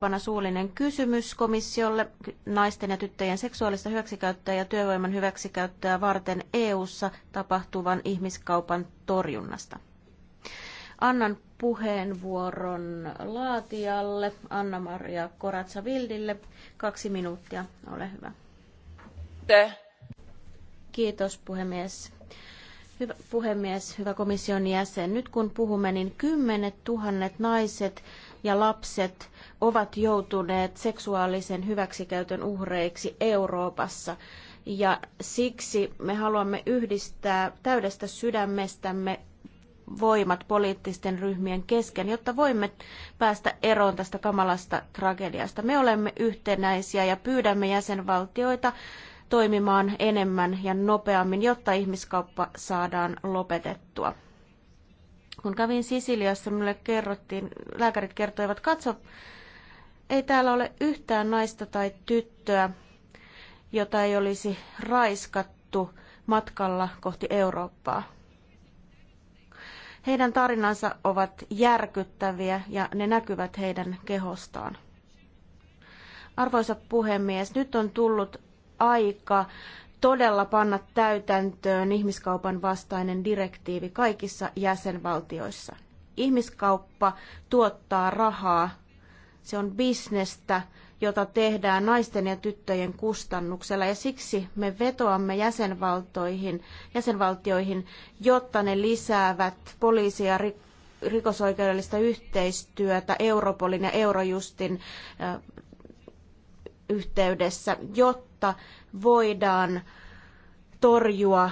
Panna suullinen kysymys komissiolle naisten ja tyttöjen seksuaalista hyväksikäyttöä ja työvoiman hyväksikäyttöä varten EU:ssa tapahtuvan ihmiskaupan torjunnasta. Annan puheenvuoron laatijalle Anna-Maria Koratsa-Vildille. Kaksi minuuttia, ole hyvä. Te. Kiitos puhemies. Hyvä puhemies, hyvä komission jäsen. Nyt kun puhumme, niin kymmenet tuhannet naiset ja lapset ovat joutuneet seksuaalisen hyväksikäytön uhreiksi Euroopassa. Ja siksi me haluamme yhdistää täydestä sydämestämme voimat poliittisten ryhmien kesken, jotta voimme päästä eroon tästä kamalasta tragediasta. Me olemme yhtenäisiä ja pyydämme jäsenvaltioita toimimaan enemmän ja nopeammin, jotta ihmiskauppa saadaan lopetettua. Kun kävin Sisiliassa, minulle kerrottiin, lääkärit kertoivat, katso, ei täällä ole yhtään naista tai tyttöä, jota ei olisi raiskattu matkalla kohti Eurooppaa. Heidän tarinansa ovat järkyttäviä ja ne näkyvät heidän kehostaan. Arvoisa puhemies, nyt on tullut aika todella panna täytäntöön ihmiskaupan vastainen direktiivi kaikissa jäsenvaltioissa. Ihmiskauppa tuottaa rahaa, se on bisnestä, jota tehdään naisten ja tyttöjen kustannuksella ja siksi me vetoamme jäsenvaltoihin, jäsenvaltioihin jotta ne lisäävät poliisia rikosoikeudellista yhteistyötä Europolin ja Eurojustin yhteydessä, jotta kautta voidaan torjua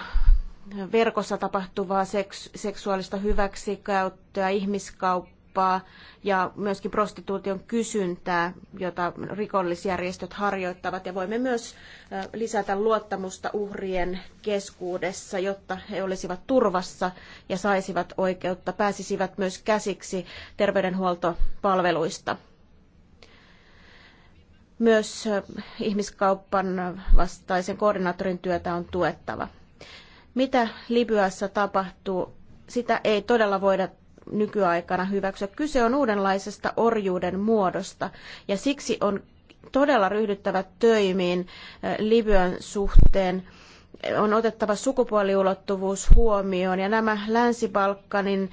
verkossa tapahtuvaa seksuaalista hyväksikäyttöä, ihmiskauppaa ja myöskin prostituution kysyntää, jota rikollisjärjestöt harjoittavat. Ja voimme myös lisätä luottamusta uhrien keskuudessa, jotta he olisivat turvassa ja saisivat oikeutta, pääsisivät myös käsiksi terveydenhuoltopalveluista. Myös ihmiskauppan vastaisen koordinaattorin työtä on tuettava. Mitä Libyassa tapahtuu, sitä ei todella voida nykyaikana hyväksyä. Kyse on uudenlaisesta orjuuden muodosta ja siksi on todella ryhdyttävä töimiin Libyan suhteen. On otettava sukupuoliulottuvuus huomioon ja nämä Länsi-Balkanin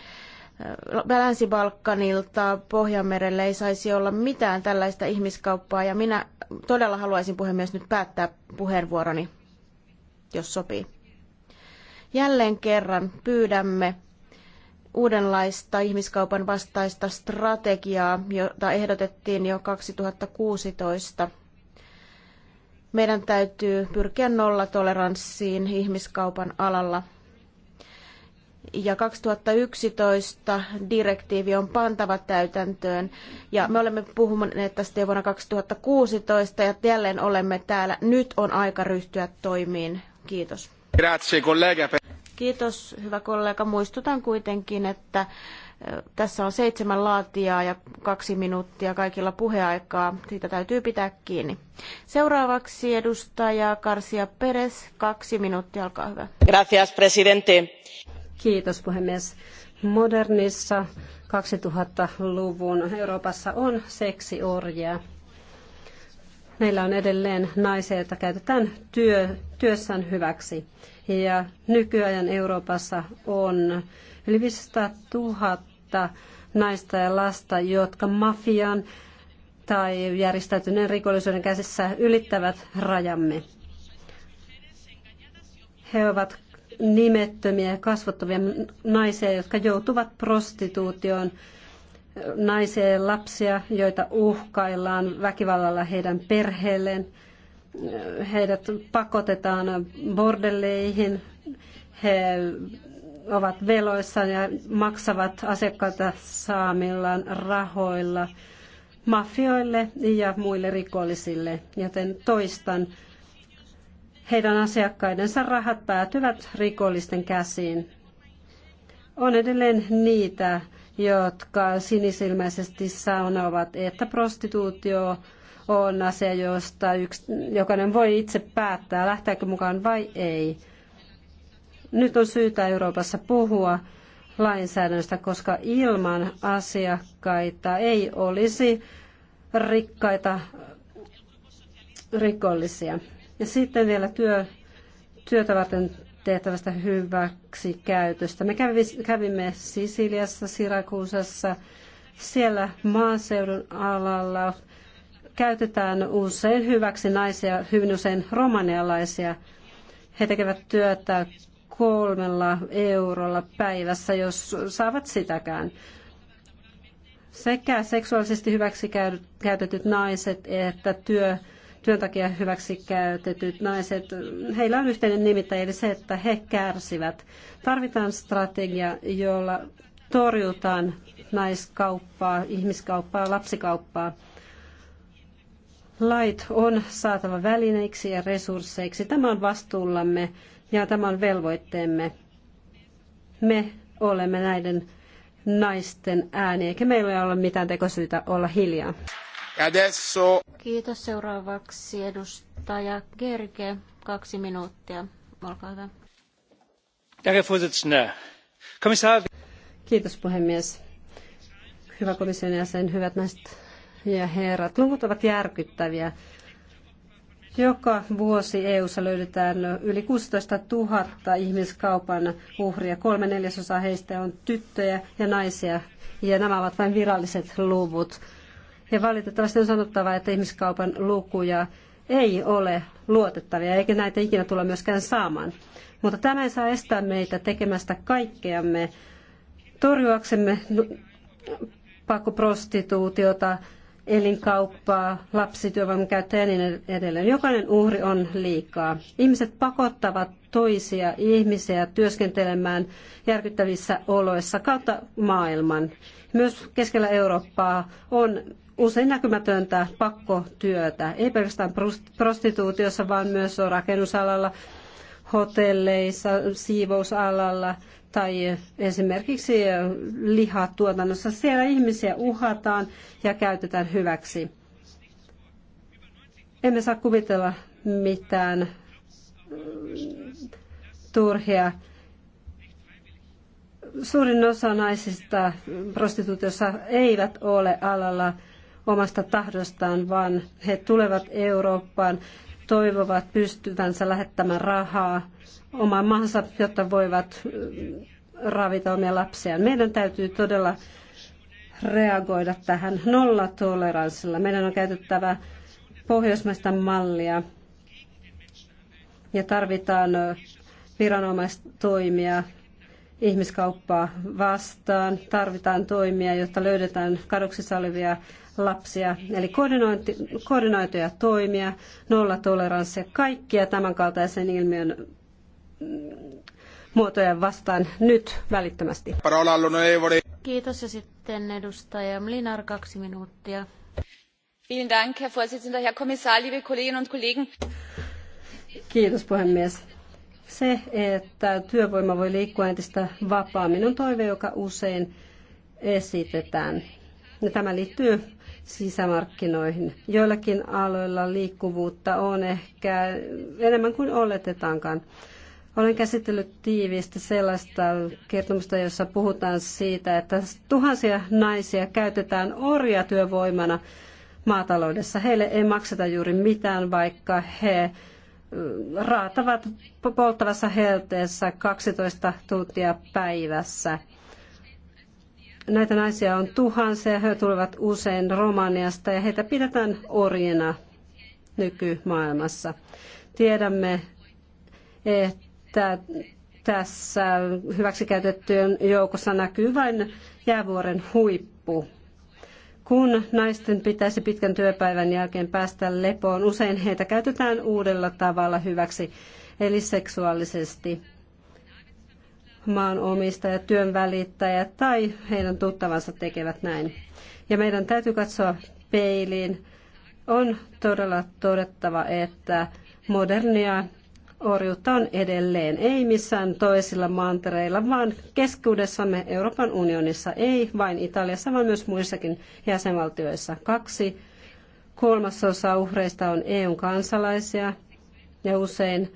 Länsi-Balkanilta Pohjanmerelle ei saisi olla mitään tällaista ihmiskauppaa ja minä todella haluaisin puhemies nyt päättää puheenvuoroni, jos sopii. Jälleen kerran pyydämme uudenlaista ihmiskaupan vastaista strategiaa, jota ehdotettiin jo 2016. Meidän täytyy pyrkiä nollatoleranssiin ihmiskaupan alalla ja 2011 direktiivi on pantava täytäntöön. Ja me olemme puhuneet tästä jo vuonna 2016 ja jälleen olemme täällä. Nyt on aika ryhtyä toimiin. Kiitos. Grazie, Kiitos, hyvä kollega. Muistutan kuitenkin, että tässä on seitsemän laatijaa ja kaksi minuuttia kaikilla puheaikaa. Siitä täytyy pitää kiinni. Seuraavaksi edustaja Karsia Peres, kaksi minuuttia, olkaa hyvä. Gracias, presidente. Kiitos puhemies. Modernissa 2000-luvun Euroopassa on seksiorjia. Meillä on edelleen naisia, joita käytetään työ, työssään hyväksi. Ja nykyajan Euroopassa on yli 500 000 naista ja lasta, jotka mafian tai järjestäytyneen rikollisuuden käsissä ylittävät rajamme. He ovat nimettömiä ja kasvottavia naisia, jotka joutuvat prostituutioon, naisia ja lapsia, joita uhkaillaan väkivallalla heidän perheelleen. Heidät pakotetaan bordelleihin, he ovat veloissaan ja maksavat asiakkaita saamillaan rahoilla mafioille ja muille rikollisille. Joten toistan, heidän asiakkaidensa rahat päätyvät rikollisten käsiin. On edelleen niitä, jotka sinisilmäisesti sanovat, että prostituutio on asia, josta yks, jokainen voi itse päättää, lähteekö mukaan vai ei. Nyt on syytä Euroopassa puhua lainsäädännöstä, koska ilman asiakkaita ei olisi rikkaita rikollisia. Ja sitten vielä työ, työtä varten tehtävästä käytöstä. Me kävimme Sisiliassa, Sirakuusassa, siellä maaseudun alalla käytetään usein hyväksi naisia, hyvin usein romanialaisia. He tekevät työtä kolmella eurolla päivässä, jos saavat sitäkään. Sekä seksuaalisesti hyväksi käytetyt naiset että työ työn takia hyväksi käytetyt naiset, heillä on yhteinen nimittäjä, eli se, että he kärsivät. Tarvitaan strategia, jolla torjutaan naiskauppaa, ihmiskauppaa, lapsikauppaa. Lait on saatava välineiksi ja resursseiksi. Tämä on vastuullamme ja tämä on velvoitteemme. Me olemme näiden naisten ääni, eikä meillä ole mitään tekosyitä olla hiljaa. Adesso... Kiitos. Seuraavaksi edustaja Gerke, kaksi minuuttia. Olkaa hyvä. Kiitos puhemies. Hyvä komission jäsen, hyvät naiset ja herrat. Luvut ovat järkyttäviä. Joka vuosi EU:ssa löydetään yli 16 000 ihmiskaupan uhria. Kolme neljäsosaa heistä on tyttöjä ja naisia, ja nämä ovat vain viralliset luvut. Ja valitettavasti on sanottava, että ihmiskaupan lukuja ei ole luotettavia, eikä näitä ikinä tulla myöskään saamaan. Mutta tämä ei saa estää meitä tekemästä kaikkeamme torjuaksemme pakkoprostituutiota, elinkauppaa, lapsityövoiman käyttöä ja niin edelleen. Jokainen uhri on liikaa. Ihmiset pakottavat toisia ihmisiä työskentelemään järkyttävissä oloissa kautta maailman. Myös keskellä Eurooppaa on usein näkymätöntä pakkotyötä, ei pelkästään prostituutiossa, vaan myös rakennusalalla, hotelleissa, siivousalalla tai esimerkiksi lihatuotannossa. Siellä ihmisiä uhataan ja käytetään hyväksi. Emme saa kuvitella mitään turhia. Suurin osa naisista prostituutiossa eivät ole alalla omasta tahdostaan, vaan he tulevat Eurooppaan, toivovat pystyvänsä lähettämään rahaa omaan maahansa, jotta voivat mm, ravita omia lapsiaan. Meidän täytyy todella reagoida tähän nollatoleranssilla. Meidän on käytettävä pohjoismaista mallia ja tarvitaan viranomaistoimia ihmiskauppaa vastaan. Tarvitaan toimia, jotta löydetään kadoksissa olevia lapsia. Eli koordinointi, koordinoituja toimia, nollatoleranssia, kaikkia tämänkaltaisen ilmiön mm, muotoja vastaan nyt välittömästi. Kiitos ja sitten edustaja Mlinar kaksi minuuttia. Vielen Dank, Herr Vorsitzender, Herr Kommissar, liebe Kolleginnen und Kollegen. Kiitos puhemies se, että työvoima voi liikkua entistä vapaammin, on toive, joka usein esitetään. Ja tämä liittyy sisämarkkinoihin. Joillakin aloilla liikkuvuutta on ehkä enemmän kuin oletetaankaan. Olen käsitellyt tiiviisti sellaista kertomusta, jossa puhutaan siitä, että tuhansia naisia käytetään orjatyövoimana maataloudessa. Heille ei makseta juuri mitään, vaikka he raatavat polttavassa helteessä 12 tuntia päivässä. Näitä naisia on tuhansia, he tulevat usein Romaniasta ja heitä pidetään orjina nykymaailmassa. Tiedämme, että tässä hyväksikäytettyjen joukossa näkyy vain jäävuoren huippu. Kun naisten pitäisi pitkän työpäivän jälkeen päästä lepoon, usein heitä käytetään uudella tavalla hyväksi, eli seksuaalisesti. Maanomistajat, työnvälittäjät tai heidän tuttavansa tekevät näin. Ja meidän täytyy katsoa peiliin. On todella todettava, että modernia orjuutta on edelleen, ei missään toisilla mantereilla, vaan keskuudessamme Euroopan unionissa, ei vain Italiassa, vaan myös muissakin jäsenvaltioissa. Kaksi kolmasosa uhreista on EUn kansalaisia ja usein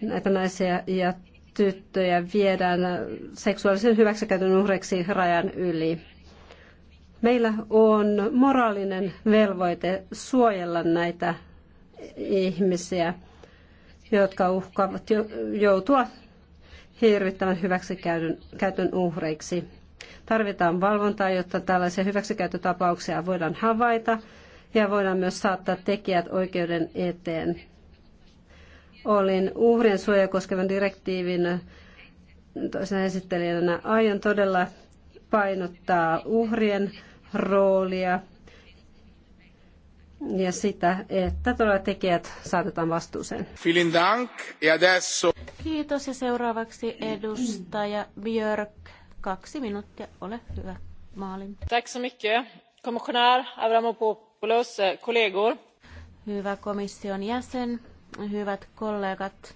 näitä naisia ja tyttöjä viedään seksuaalisen hyväksikäytön uhreiksi rajan yli. Meillä on moraalinen velvoite suojella näitä ihmisiä jotka uhkaavat joutua hirvittävän hyväksikäytön uhreiksi. Tarvitaan valvontaa, jotta tällaisia hyväksikäyttötapauksia voidaan havaita ja voidaan myös saattaa tekijät oikeuden eteen. Olin uhrien suoja koskevan direktiivin toisena esittelijänä. Aion todella painottaa uhrien roolia ja sitä, että todella tekijät saatetaan vastuuseen. Vielen dank. Ja adesso... Kiitos ja seuraavaksi edustaja Björk. Kaksi minuuttia, ole hyvä. Maalin. Tack så mycket. Kommissionär Avramopoulos, eh, kollegor. Hyvä komission jäsen, hyvät kollegat.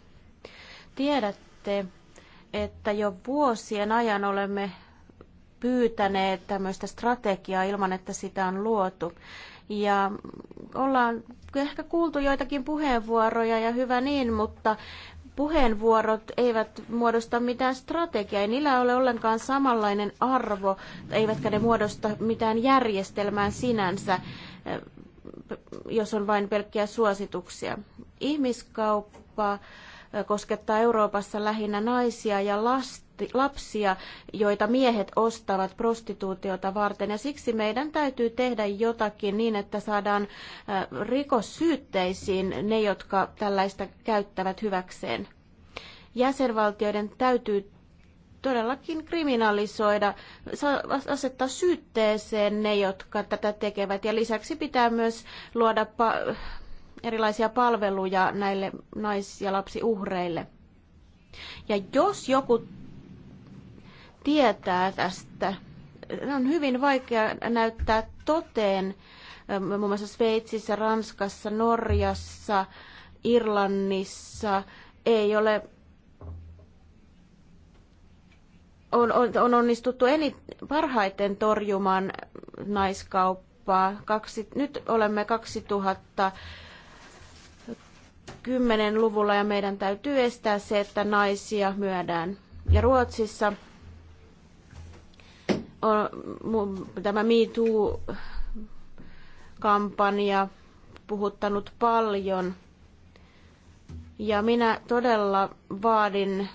Tiedätte, että jo vuosien ajan olemme pyytäneet tämmöistä strategiaa ilman, että sitä on luotu. Ja ollaan ehkä kuultu joitakin puheenvuoroja ja hyvä niin, mutta puheenvuorot eivät muodosta mitään strategiaa, ei niillä ole ollenkaan samanlainen arvo, eivätkä ne muodosta mitään järjestelmää sinänsä, jos on vain pelkkiä suosituksia. Ihmiskauppa koskettaa Euroopassa lähinnä naisia ja lasta lapsia, joita miehet ostavat prostituutiota varten. Ja siksi meidän täytyy tehdä jotakin niin, että saadaan rikossyytteisiin ne, jotka tällaista käyttävät hyväkseen. Jäsenvaltioiden täytyy todellakin kriminalisoida, asettaa syytteeseen ne, jotka tätä tekevät. Ja lisäksi pitää myös luoda pa- erilaisia palveluja näille nais- ja lapsiuhreille. Ja jos joku tietää tästä. On hyvin vaikea näyttää toteen ähm, muun mm. muassa Sveitsissä, Ranskassa, Norjassa, Irlannissa. Ei ole on, on, on onnistuttu eni, parhaiten torjumaan naiskauppaa. Kaksi, nyt olemme 2000 10-luvulla ja meidän täytyy estää se, että naisia myödään Ja Ruotsissa tämä MeToo-kampanja puhuttanut paljon. Ja minä todella vaadin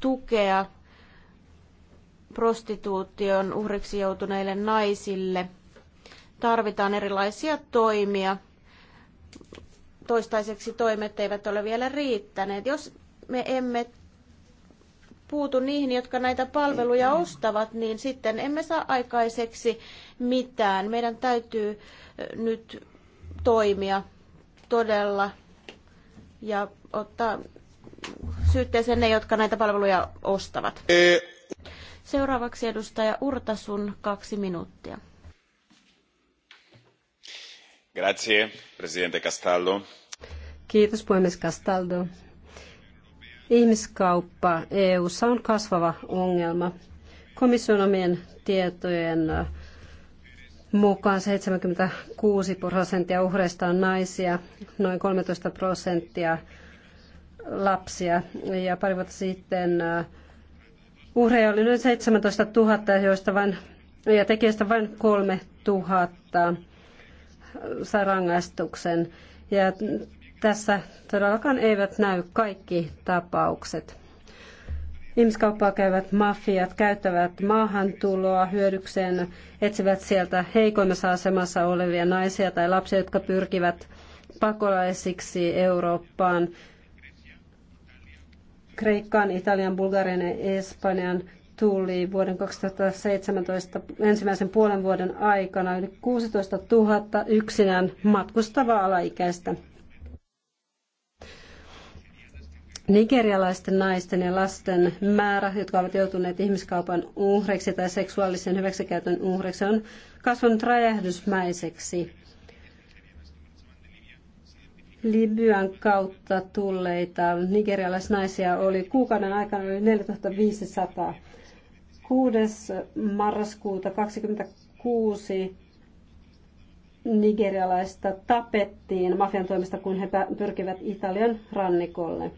tukea prostituution uhriksi joutuneille naisille. Tarvitaan erilaisia toimia. Toistaiseksi toimet eivät ole vielä riittäneet. Jos me emme puutu niihin, jotka näitä palveluja ostavat, niin sitten emme saa aikaiseksi mitään. Meidän täytyy nyt toimia todella ja ottaa syytteeseen ne, jotka näitä palveluja ostavat. E- Seuraavaksi edustaja Urtasun kaksi minuuttia. Grazie, presidente Castaldo. Kiitos puhemies Castaldo. Ihmiskauppa EU:ssa on kasvava ongelma. Komission omien tietojen mukaan 76 prosenttia uhreista on naisia, noin 13 prosenttia lapsia. Ja pari vuotta sitten uhreja oli noin 17 000, joista vain, ja tekijöistä vain 3 000 sai rangaistuksen. Ja tässä todellakaan eivät näy kaikki tapaukset. Ihmiskauppaa käyvät mafiat käyttävät maahantuloa hyödykseen, etsivät sieltä heikoimmassa asemassa olevia naisia tai lapsia, jotka pyrkivät pakolaisiksi Eurooppaan, Kreikkaan, Italian, Bulgarian ja Espanjan tuli vuoden 2017 ensimmäisen puolen vuoden aikana yli 16 000 yksinään matkustavaa alaikäistä. Nigerialaisten naisten ja lasten määrä, jotka ovat joutuneet ihmiskaupan uhreiksi tai seksuaalisen hyväksikäytön uhreiksi, on kasvanut räjähdysmäiseksi. Libyan kautta tulleita nigerialaisnaisia oli kuukauden aikana yli 4500. 6. marraskuuta 26 nigerialaista tapettiin mafian toimesta, kun he pyrkivät Italian rannikolle.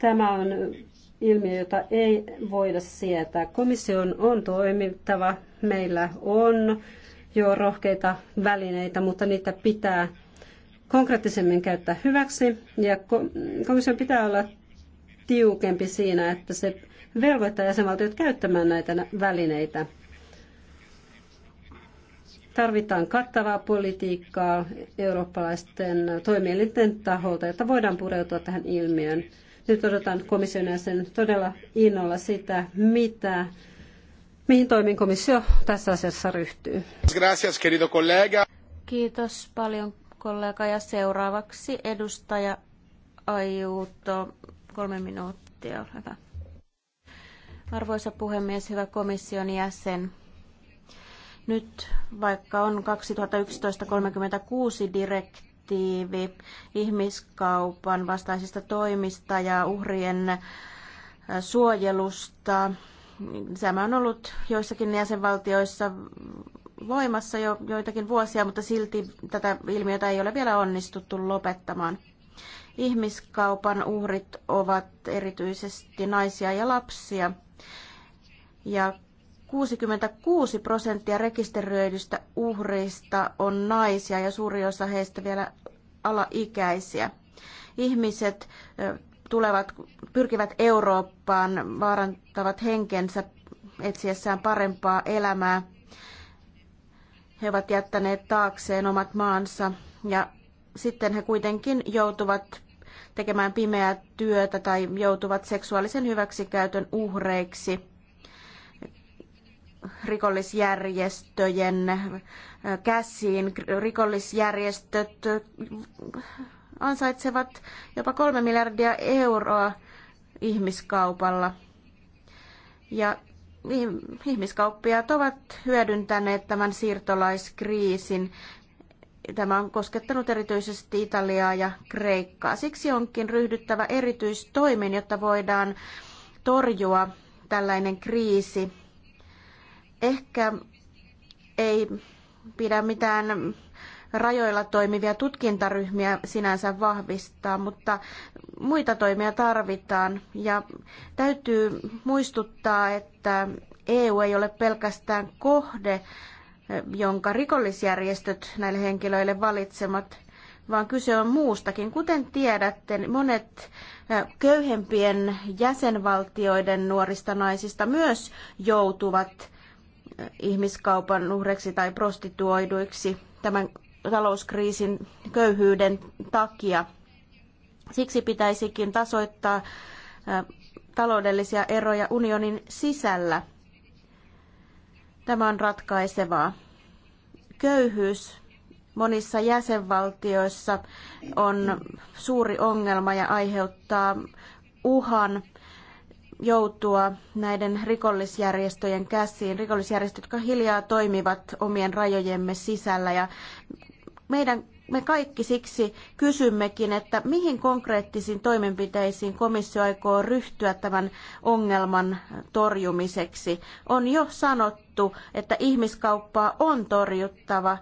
Tämä on ilmiö, jota ei voida sietää. Komission on toimittava. Meillä on jo rohkeita välineitä, mutta niitä pitää konkreettisemmin käyttää hyväksi. Ja komission pitää olla tiukempi siinä, että se velvoittaa jäsenvaltiot käyttämään näitä välineitä. Tarvitaan kattavaa politiikkaa eurooppalaisten toimielinten taholta, jotta voidaan pureutua tähän ilmiöön. Nyt odotan komission sen todella innolla sitä, mitä Mihin toimiin komissio tässä asiassa ryhtyy? Gracias, querido kollega. Kiitos paljon kollega ja seuraavaksi edustaja Aiuto. Kolme minuuttia, hyvä. Arvoisa puhemies, hyvä komission jäsen. Nyt vaikka on 2011-36 direktiivi, kollektiivi ihmiskaupan vastaisista toimista ja uhrien äh, suojelusta. Tämä on ollut joissakin jäsenvaltioissa voimassa jo joitakin vuosia, mutta silti tätä ilmiötä ei ole vielä onnistuttu lopettamaan. Ihmiskaupan uhrit ovat erityisesti naisia ja lapsia. Ja 66 prosenttia rekisteröidystä uhreista on naisia ja suuri osa heistä vielä alaikäisiä. Ihmiset tulevat, pyrkivät Eurooppaan, vaarantavat henkensä etsiessään parempaa elämää. He ovat jättäneet taakseen omat maansa ja sitten he kuitenkin joutuvat tekemään pimeää työtä tai joutuvat seksuaalisen hyväksikäytön uhreiksi rikollisjärjestöjen käsiin. Rikollisjärjestöt ansaitsevat jopa kolme miljardia euroa ihmiskaupalla. Ja ihmiskauppiaat ovat hyödyntäneet tämän siirtolaiskriisin. Tämä on koskettanut erityisesti Italiaa ja Kreikkaa. Siksi onkin ryhdyttävä erityistoimin, jotta voidaan torjua tällainen kriisi Ehkä ei pidä mitään rajoilla toimivia tutkintaryhmiä sinänsä vahvistaa, mutta muita toimia tarvitaan. Ja täytyy muistuttaa, että EU ei ole pelkästään kohde, jonka rikollisjärjestöt näille henkilöille valitsemat, vaan kyse on muustakin. Kuten tiedätte, monet köyhempien jäsenvaltioiden nuorista naisista myös joutuvat ihmiskaupan uhreiksi tai prostituoiduiksi tämän talouskriisin köyhyyden takia. Siksi pitäisikin tasoittaa taloudellisia eroja unionin sisällä. Tämä on ratkaisevaa. Köyhyys monissa jäsenvaltioissa on suuri ongelma ja aiheuttaa uhan joutua näiden rikollisjärjestöjen käsiin, rikollisjärjestöt, jotka hiljaa toimivat omien rajojemme sisällä. Ja meidän, me kaikki siksi kysymmekin, että mihin konkreettisiin toimenpiteisiin komissio aikoo ryhtyä tämän ongelman torjumiseksi. On jo sanottu, että ihmiskauppaa on torjuttava.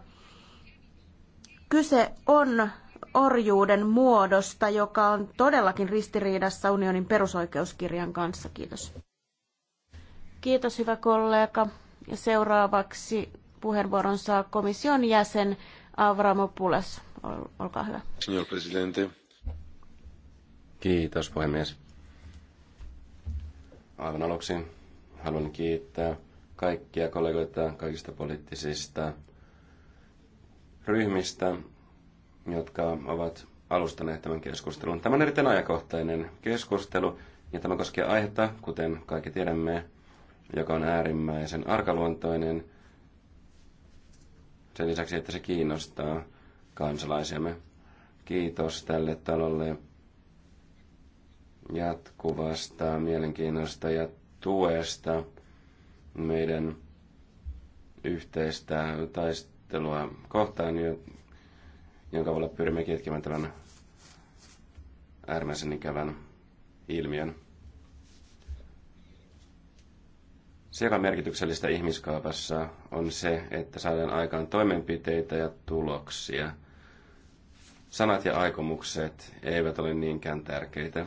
Kyse on orjuuden muodosta, joka on todellakin ristiriidassa unionin perusoikeuskirjan kanssa. Kiitos. Kiitos, hyvä kollega. Ja seuraavaksi puheenvuoron saa komission jäsen Avramopoulos. Olkaa hyvä. Signor Presidente. Kiitos, puhemies. Aivan aluksi haluan kiittää kaikkia kollegoita kaikista poliittisista ryhmistä jotka ovat alustaneet tämän keskustelun. Tämä on erittäin ajankohtainen keskustelu, ja tämä koskee aihetta, kuten kaikki tiedämme, joka on äärimmäisen arkaluontoinen, sen lisäksi, että se kiinnostaa kansalaisiamme. Kiitos tälle talolle jatkuvasta mielenkiinnosta ja tuesta meidän yhteistä taistelua kohtaan, jonka avulla pyrimme kitkemään tämän äärimmäisen ikävän ilmiön. Se, joka on merkityksellistä ihmiskaupassa, on se, että saadaan aikaan toimenpiteitä ja tuloksia. Sanat ja aikomukset eivät ole niinkään tärkeitä.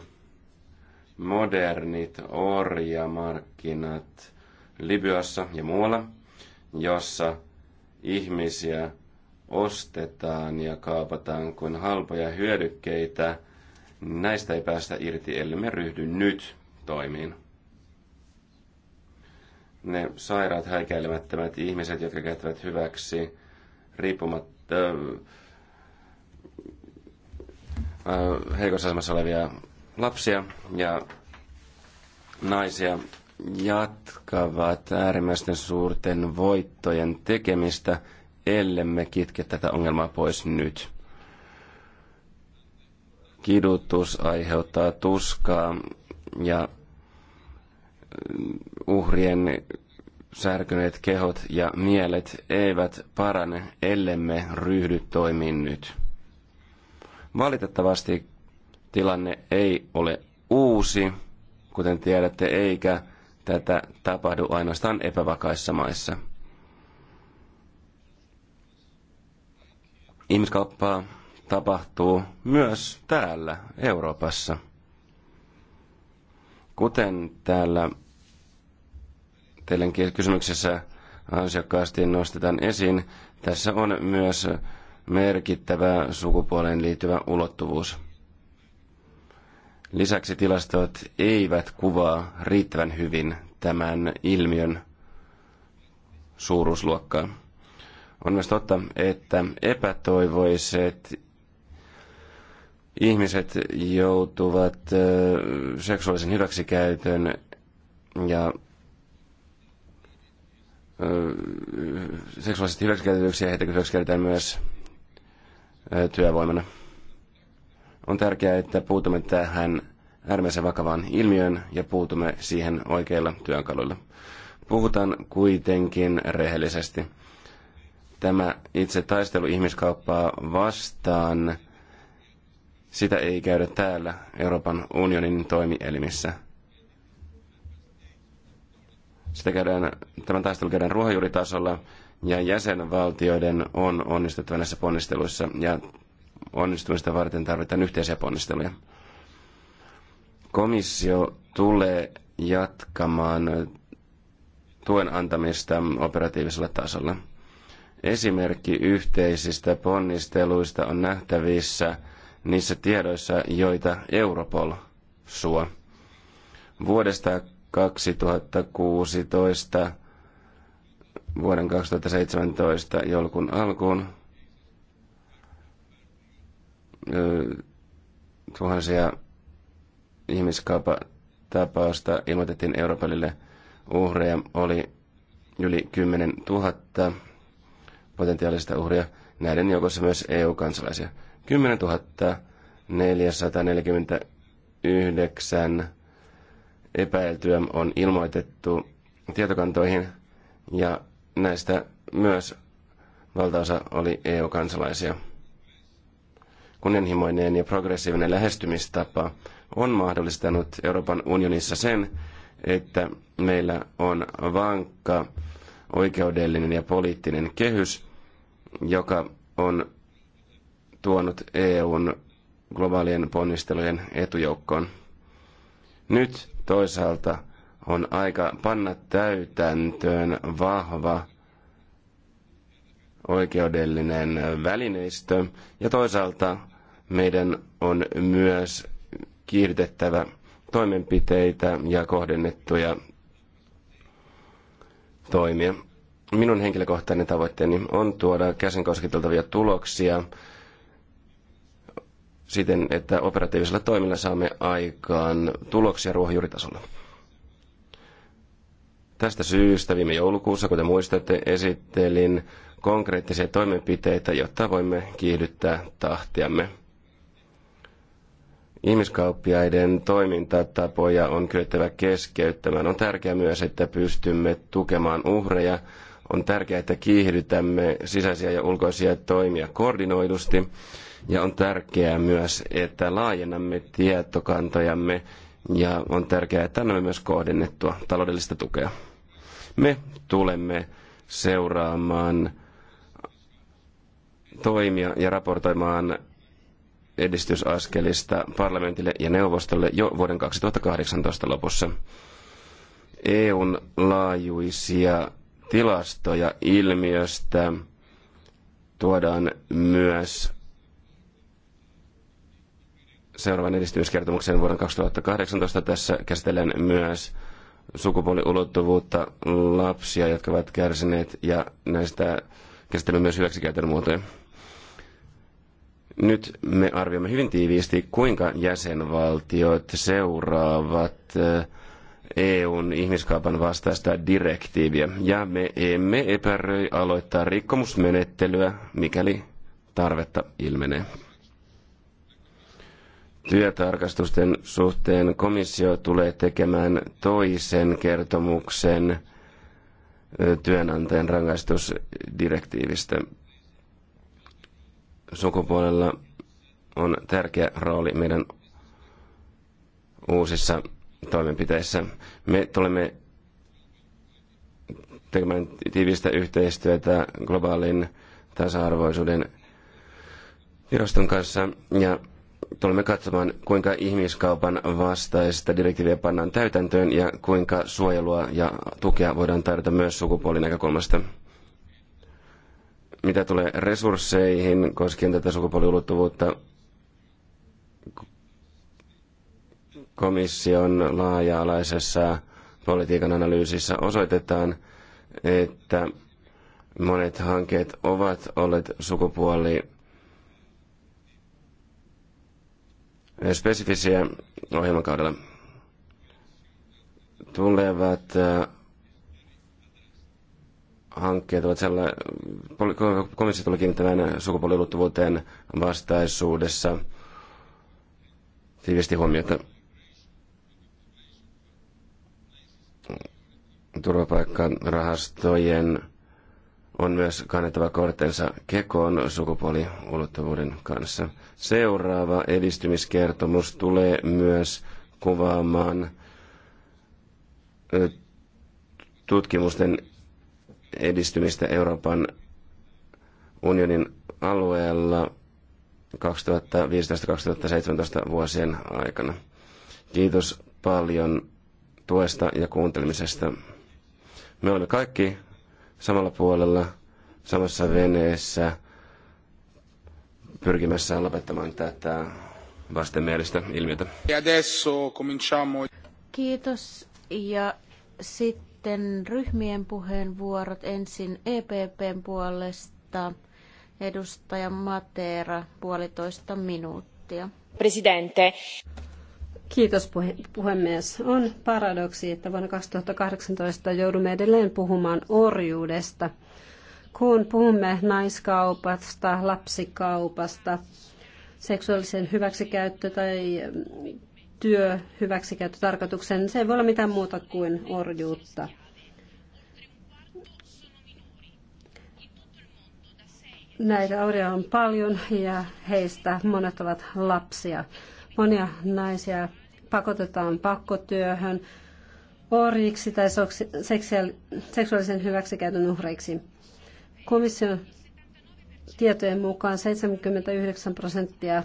Modernit orjamarkkinat Libyassa ja muualla, jossa ihmisiä ostetaan ja kaapataan kuin halpoja hyödykkeitä, näistä ei päästä irti, ellei me ryhdy nyt toimiin. Ne sairaat, häikäilemättömät ihmiset, jotka käyttävät hyväksi riippumatta äh, heikossa asemassa olevia lapsia ja naisia jatkavat äärimmäisten suurten voittojen tekemistä – ellemme kitke tätä ongelmaa pois nyt. Kidutus aiheuttaa tuskaa ja mm, uhrien särkyneet kehot ja mielet eivät parane, ellemme ryhdy toimiin nyt. Valitettavasti tilanne ei ole uusi, kuten tiedätte, eikä tätä tapahdu ainoastaan epävakaissa maissa – Ihmiskauppaa tapahtuu myös täällä Euroopassa. Kuten täällä teidän kysymyksessä ansiokkaasti nostetaan esiin, tässä on myös merkittävä sukupuoleen liittyvä ulottuvuus. Lisäksi tilastot eivät kuvaa riittävän hyvin tämän ilmiön suuruusluokkaa. On myös totta, että epätoivoiset ihmiset joutuvat seksuaalisen hyväksikäytön ja seksuaalisesti hyväksikäytetyksiä heitä hyväksikäytetään myös työvoimana. On tärkeää, että puutumme tähän äärimmäisen vakavaan ilmiöön ja puutumme siihen oikeilla työkaluilla. Puhutaan kuitenkin rehellisesti. Tämä itse taistelu ihmiskauppaa vastaan, sitä ei käydä täällä Euroopan unionin toimielimissä. Sitä käydään, tämän taistelu käydään ruohonjuuritasolla ja jäsenvaltioiden on onnistuttava näissä ponnisteluissa ja onnistumista varten tarvitaan yhteisiä ponnisteluja. Komissio tulee jatkamaan tuen antamista operatiivisella tasolla – Esimerkki yhteisistä ponnisteluista on nähtävissä niissä tiedoissa, joita Europol suo. Vuodesta 2016 vuoden 2017 joulukuun alkuun tuhansia ihmiskaupatapausta ilmoitettiin Europolille. Uhreja oli yli 10 000 potentiaalista uhria, näiden joukossa myös EU-kansalaisia. 10 449 epäiltyä on ilmoitettu tietokantoihin ja näistä myös valtaosa oli EU-kansalaisia. Kunnianhimoinen ja progressiivinen lähestymistapa on mahdollistanut Euroopan unionissa sen, että meillä on vankka oikeudellinen ja poliittinen kehys, joka on tuonut EUn globaalien ponnistelujen etujoukkoon. Nyt toisaalta on aika panna täytäntöön vahva oikeudellinen välineistö ja toisaalta meidän on myös kiirtettävä toimenpiteitä ja kohdennettuja toimia. Minun henkilökohtainen tavoitteeni on tuoda käsin kosketeltavia tuloksia siten, että operatiivisella toimilla saamme aikaan tuloksia ruohonjuuritasolla. Tästä syystä viime joulukuussa, kuten muistatte, esittelin konkreettisia toimenpiteitä, jotta voimme kiihdyttää tahtiamme. Ihmiskauppiaiden toimintatapoja on kyettävä keskeyttämään. On tärkeää myös, että pystymme tukemaan uhreja on tärkeää, että kiihdytämme sisäisiä ja ulkoisia toimia koordinoidusti. Ja on tärkeää myös, että laajennamme tietokantojamme ja on tärkeää, että annamme myös kohdennettua taloudellista tukea. Me tulemme seuraamaan toimia ja raportoimaan edistysaskelista parlamentille ja neuvostolle jo vuoden 2018 lopussa. EUn laajuisia tilastoja ilmiöstä tuodaan myös seuraavan edistymiskertomuksen vuoden 2018. Tässä käsitellään myös sukupuoliulottuvuutta lapsia, jotka ovat kärsineet, ja näistä käsitellään myös hyväksikäytön muotoja. Nyt me arvioimme hyvin tiiviisti, kuinka jäsenvaltiot seuraavat äh, EUn ihmiskaupan vastaista direktiiviä, ja me emme epäröi aloittaa rikkomusmenettelyä, mikäli tarvetta ilmenee. Työtarkastusten suhteen komissio tulee tekemään toisen kertomuksen työnantajan rangaistusdirektiivistä. Sukupuolella on tärkeä rooli meidän uusissa toimenpiteissä. Me tulemme tekemään tiivistä yhteistyötä globaalin tasa-arvoisuuden viraston kanssa ja tulemme katsomaan, kuinka ihmiskaupan vastaista direktiiviä pannaan täytäntöön ja kuinka suojelua ja tukea voidaan tarjota myös sukupuolinäkökulmasta. Mitä tulee resursseihin koskien tätä sukupuoliulottuvuutta, komission laaja-alaisessa politiikan analyysissä osoitetaan, että monet hankkeet ovat olleet sukupuoli spesifisiä ohjelmakaudella. Tulevat äh, hankkeet ovat sellainen, komissio tulee kiinnittämään sukupuoliulottuvuuteen vastaisuudessa tiivisti huomiota. turvapaikkarahastojen on myös kannettava kortensa kekoon sukupuoliulottuvuuden kanssa. Seuraava edistymiskertomus tulee myös kuvaamaan tutkimusten edistymistä Euroopan unionin alueella 2015-2017 vuosien aikana. Kiitos paljon tuesta ja kuuntelemisesta. Me olemme kaikki samalla puolella, samassa veneessä, pyrkimässä lopettamaan tätä vastenmielistä ilmiötä. Kiitos. Ja sitten ryhmien puheenvuorot ensin EPPn puolesta. Edustaja Matera, puolitoista minuuttia. Presidente. Kiitos puhemies. On paradoksi, että vuonna 2018 joudumme edelleen puhumaan orjuudesta. Kun puhumme naiskaupasta, lapsikaupasta, seksuaalisen hyväksikäyttö tai työ hyväksikäyttötarkoituksen, se ei voi olla mitään muuta kuin orjuutta. Näitä orjia on paljon ja heistä monet ovat lapsia. Monia naisia pakotetaan pakkotyöhön, orjiksi tai seksuaalisen hyväksikäytön uhreiksi. Komission tietojen mukaan 79 prosenttia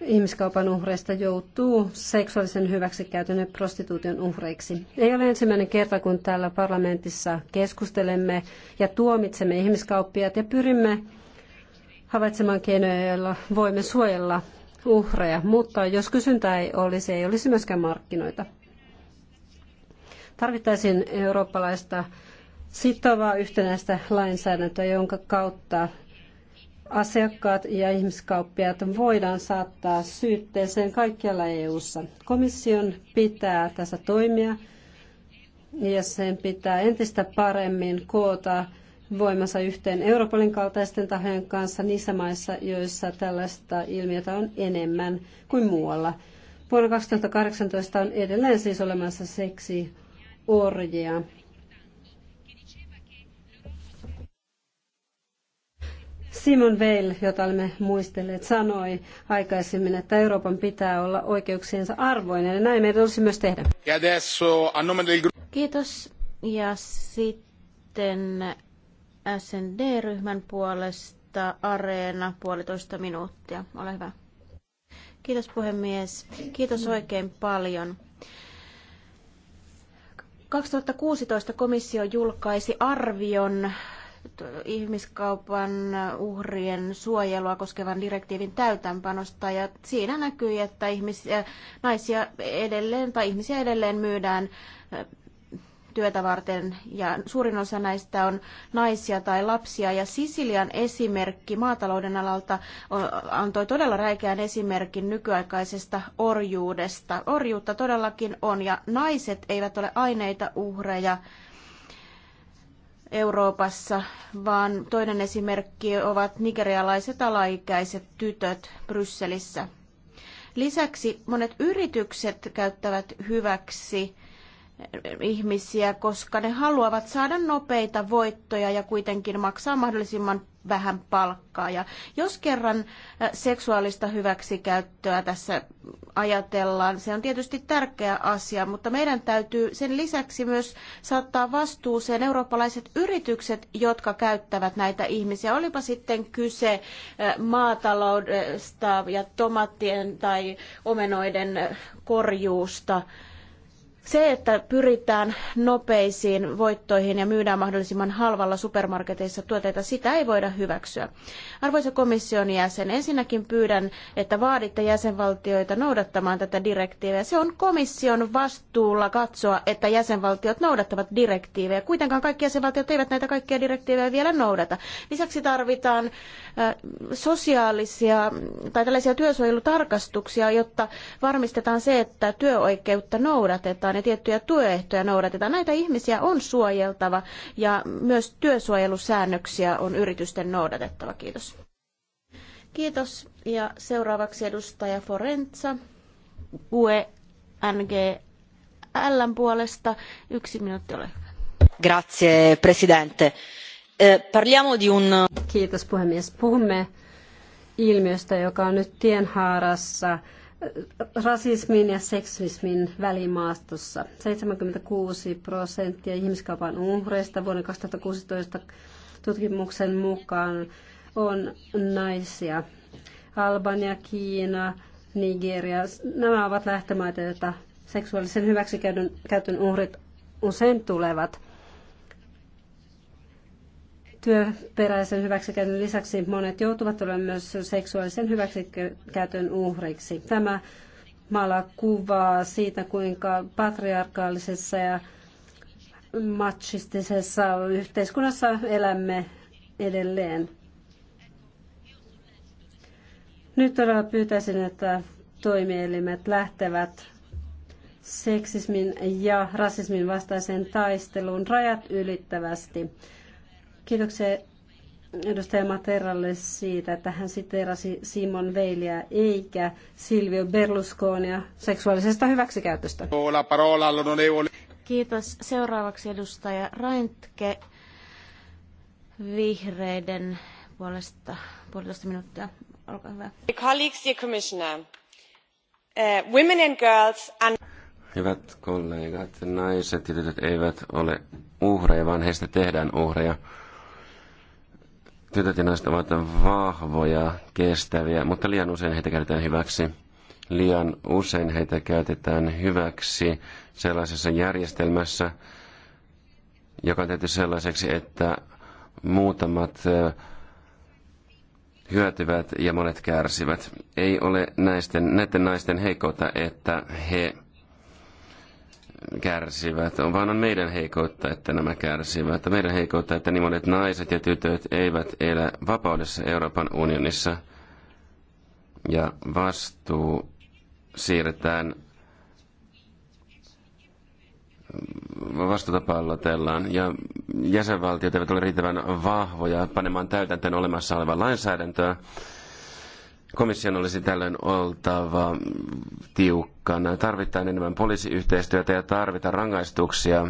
ihmiskaupan uhreista joutuu seksuaalisen hyväksikäytön ja prostituution uhreiksi. Ei ole ensimmäinen kerta, kun täällä parlamentissa keskustelemme ja tuomitsemme ihmiskauppiaat ja pyrimme havaitsemaan keinoja, joilla voimme suojella uhreja, mutta jos kysyntää ei olisi, ei olisi myöskään markkinoita. Tarvittaisiin eurooppalaista sitovaa yhtenäistä lainsäädäntöä, jonka kautta asiakkaat ja ihmiskauppiaat voidaan saattaa syytteeseen kaikkialla EU:ssa. Komission pitää tässä toimia ja sen pitää entistä paremmin koota voimansa yhteen Europolin kaltaisten tahojen kanssa niissä maissa, joissa tällaista ilmiötä on enemmän kuin muualla. Vuonna 2018 on edelleen siis olemassa seksi orjia. Simon Veil, jota olemme muistelleet, sanoi aikaisemmin, että Euroopan pitää olla oikeuksiensa arvoinen, ja näin meidän olisi myös tehdä. Kiitos. Ja sitten SND-ryhmän puolesta Areena puolitoista minuuttia. Ole hyvä. Kiitos puhemies. Kiitos oikein paljon. 2016 komissio julkaisi arvion ihmiskaupan uhrien suojelua koskevan direktiivin täytäntöpanosta ja siinä näkyi, että ihmisiä, naisia edelleen tai ihmisiä edelleen myydään työtä varten ja suurin osa näistä on naisia tai lapsia. Ja Sisilian esimerkki maatalouden alalta antoi todella räikeän esimerkin nykyaikaisesta orjuudesta. Orjuutta todellakin on ja naiset eivät ole aineita uhreja. Euroopassa, vaan toinen esimerkki ovat nigerialaiset alaikäiset tytöt Brysselissä. Lisäksi monet yritykset käyttävät hyväksi ihmisiä, koska ne haluavat saada nopeita voittoja ja kuitenkin maksaa mahdollisimman vähän palkkaa. Ja jos kerran seksuaalista hyväksikäyttöä tässä ajatellaan, se on tietysti tärkeä asia, mutta meidän täytyy sen lisäksi myös saattaa vastuuseen eurooppalaiset yritykset, jotka käyttävät näitä ihmisiä. Olipa sitten kyse maataloudesta ja tomaattien tai omenoiden korjuusta se, että pyritään nopeisiin voittoihin ja myydään mahdollisimman halvalla supermarketeissa tuotteita, sitä ei voida hyväksyä. Arvoisa komission jäsen, ensinnäkin pyydän, että vaaditte jäsenvaltioita noudattamaan tätä direktiiviä. Se on komission vastuulla katsoa, että jäsenvaltiot noudattavat direktiivejä. Kuitenkaan kaikki jäsenvaltiot eivät näitä kaikkia direktiivejä vielä noudata. Lisäksi tarvitaan sosiaalisia tai tällaisia työsuojelutarkastuksia, jotta varmistetaan se, että työoikeutta noudatetaan ja tiettyjä työehtoja noudatetaan. Näitä ihmisiä on suojeltava ja myös työsuojelusäännöksiä on yritysten noudatettava. Kiitos. Kiitos. Ja seuraavaksi edustaja Forenza, UE NGL puolesta. Yksi minuutti, ole hyvä. Grazie, presidente. Eh, parliamo di un... Kiitos puhemies. Puhumme ilmiöstä, joka on nyt tienhaarassa – rasismin ja seksismin välimaastossa. 76 prosenttia ihmiskaupan uhreista vuonna 2016 tutkimuksen mukaan on naisia. Albania, Kiina, Nigeria, nämä ovat lähtömaita, joita seksuaalisen hyväksikäytön uhrit usein tulevat. Työperäisen hyväksikäytön lisäksi monet joutuvat olemaan myös seksuaalisen hyväksikäytön uhriksi. Tämä maalaa kuvaa siitä, kuinka patriarkaalisessa ja machistisessa yhteiskunnassa elämme edelleen. Nyt todella pyytäisin, että toimielimet lähtevät seksismin ja rasismin vastaiseen taisteluun rajat ylittävästi. Kiitoksia edustaja Materalle siitä, että hän siteerasi Simon Veiliä eikä Silvio Berlusconia seksuaalisesta hyväksikäytöstä. Kiitos. Seuraavaksi edustaja Raintke vihreiden puolesta puolitoista minuuttia. Olkaa hyvä. Colleagues, dear commissioner. Eh, women and girls and... Hyvät kollegat, naiset ja tytöt eivät ole uhreja, vaan heistä tehdään uhreja. Tytöt ja naiset ovat vahvoja, kestäviä, mutta liian usein heitä käytetään hyväksi. Liian usein heitä käytetään hyväksi sellaisessa järjestelmässä, joka on tehty sellaiseksi, että muutamat hyötyvät ja monet kärsivät. Ei ole näisten, näiden naisten heikkoutta, että he kärsivät, vaan on meidän heikoutta, että nämä kärsivät. Meidän heikoutta, että niin monet naiset ja tytöt eivät elä vapaudessa Euroopan unionissa. Ja vastuu siirretään vastuuta pallotellaan ja jäsenvaltiot eivät ole riittävän vahvoja panemaan täytäntöön olemassa olevaa lainsäädäntöä Komission olisi tällöin oltava tiukkana. Tarvitaan enemmän poliisiyhteistyötä ja tarvitaan rangaistuksia.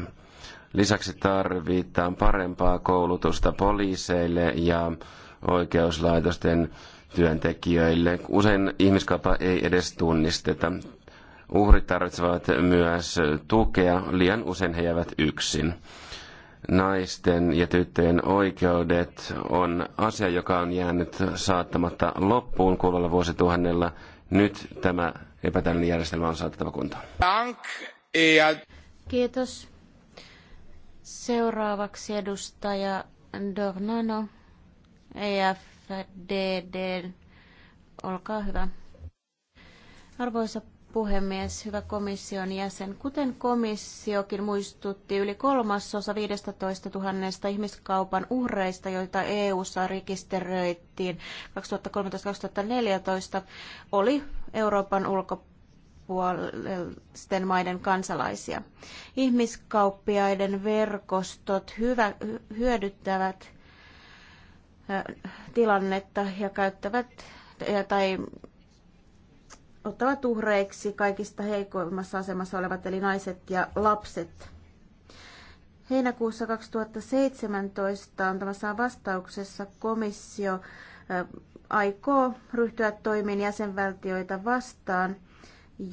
Lisäksi tarvitaan parempaa koulutusta poliiseille ja oikeuslaitosten työntekijöille. Usein ihmiskauppaa ei edes tunnisteta. Uhrit tarvitsevat myös tukea, liian usein he jäävät yksin naisten ja tyttöjen oikeudet on asia, joka on jäänyt saattamatta loppuun kuluvalla vuosituhannella. Nyt tämä epätäydellinen järjestelmä on saatettava kuntoon. Eh, Kiitos. Seuraavaksi edustaja Dornano, EFDD. Olkaa hyvä. Arvoisa puhemies, hyvä komission jäsen. Kuten komissiokin muistutti, yli kolmasosa 15 000 ihmiskaupan uhreista, joita EU-ssa rekisteröitiin 2013-2014, oli Euroopan ulkopuolisten maiden kansalaisia. Ihmiskauppiaiden verkostot hyvä, hyödyttävät tilannetta ja käyttävät tai ottavat uhreiksi kaikista heikoimmassa asemassa olevat, eli naiset ja lapset. Heinäkuussa 2017 antamassaan vastauksessa komissio aikoo ryhtyä toimiin jäsenvaltioita vastaan,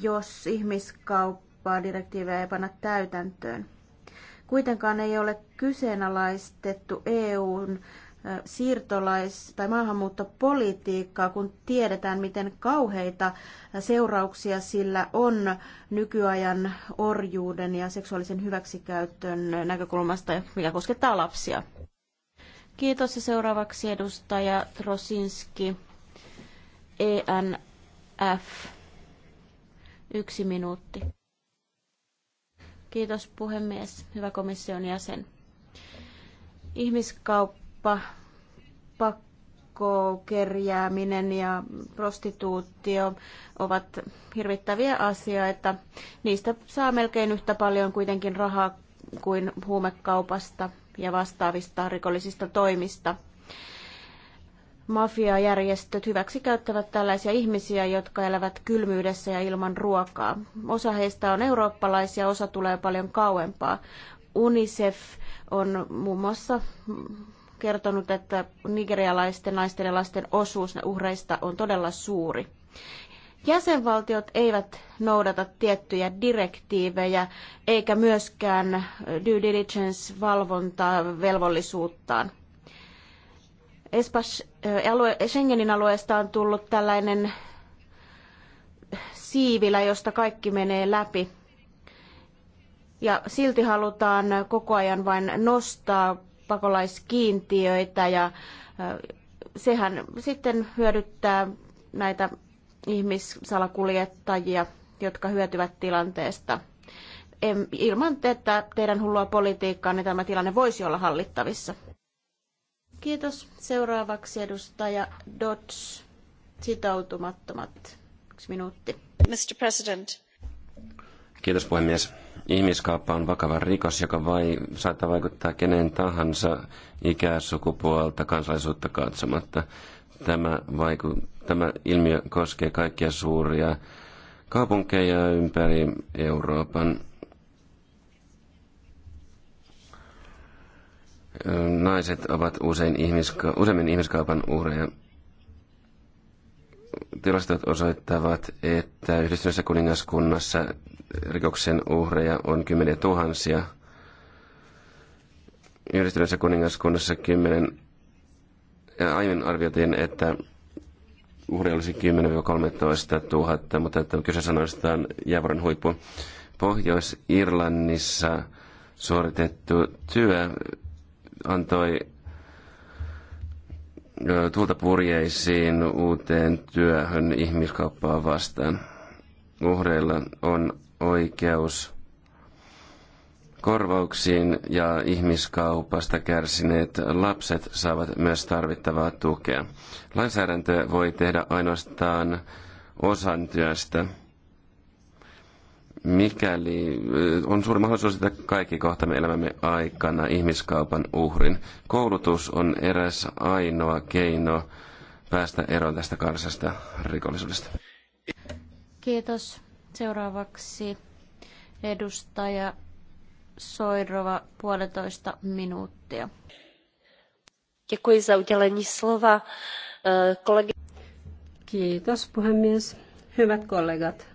jos ihmiskauppaa direktiivejä ei panna täytäntöön. Kuitenkaan ei ole kyseenalaistettu EUn siirtolais- tai maahanmuuttopolitiikkaa, kun tiedetään, miten kauheita seurauksia sillä on nykyajan orjuuden ja seksuaalisen hyväksikäytön näkökulmasta, mikä koskettaa lapsia. Kiitos ja seuraavaksi edustaja Trosinski, ENF. Yksi minuutti. Kiitos puhemies, hyvä komission jäsen. Ihmiskauppa kauppa, pakkokerjääminen ja prostituutio ovat hirvittäviä asioita. Niistä saa melkein yhtä paljon kuitenkin rahaa kuin huumekaupasta ja vastaavista rikollisista toimista. Mafiajärjestöt hyväksikäyttävät tällaisia ihmisiä, jotka elävät kylmyydessä ja ilman ruokaa. Osa heistä on eurooppalaisia, osa tulee paljon kauempaa. UNICEF on muun muassa kertonut, että nigerialaisten naisten ja lasten osuus uhreista on todella suuri. Jäsenvaltiot eivät noudata tiettyjä direktiivejä eikä myöskään due diligence-valvontaa velvollisuuttaan. Espas, eh, alue, Schengenin alueesta on tullut tällainen siivilä, josta kaikki menee läpi. Ja silti halutaan koko ajan vain nostaa pakolaiskiintiöitä ja sehän sitten hyödyttää näitä ihmissalakuljettajia, jotka hyötyvät tilanteesta. Ilman että teidän hullua politiikkaa, niin tämä tilanne voisi olla hallittavissa. Kiitos. Seuraavaksi edustaja Dodds. Sitoutumattomat. Yksi minuutti. Mr. President. Kiitos puhemies. Ihmiskauppa on vakava rikos, joka vai, saattaa vaikuttaa kenen tahansa ikää, sukupuolta, kansalaisuutta katsomatta. Tämä, vaiku, tämä ilmiö koskee kaikkia suuria kaupunkeja ympäri Euroopan. Naiset ovat usein ihmiska- useimmin ihmiskaupan uhreja tilastot osoittavat, että Yhdistyneessä kuningaskunnassa rikoksen uhreja on kymmeniä tuhansia. Yhdistyneessä kuningaskunnassa kymmenen, ja aiemmin arvioitiin, että uhri olisi 10-13 000, mutta että kyseessä on oikeastaan jäävuoren huippu. Pohjois-Irlannissa suoritettu työ antoi tulta purjeisiin uuteen työhön ihmiskauppaa vastaan. Uhreilla on oikeus korvauksiin ja ihmiskaupasta kärsineet lapset saavat myös tarvittavaa tukea. Lainsäädäntö voi tehdä ainoastaan osan työstä mikäli on suuri mahdollisuus, että kaikki kohtamme elämämme aikana ihmiskaupan uhrin. Koulutus on eräs ainoa keino päästä eroon tästä karsasta rikollisuudesta. Kiitos. Seuraavaksi edustaja Soirova, puolitoista minuuttia. E, Kiitos puhemies. Hyvät kollegat,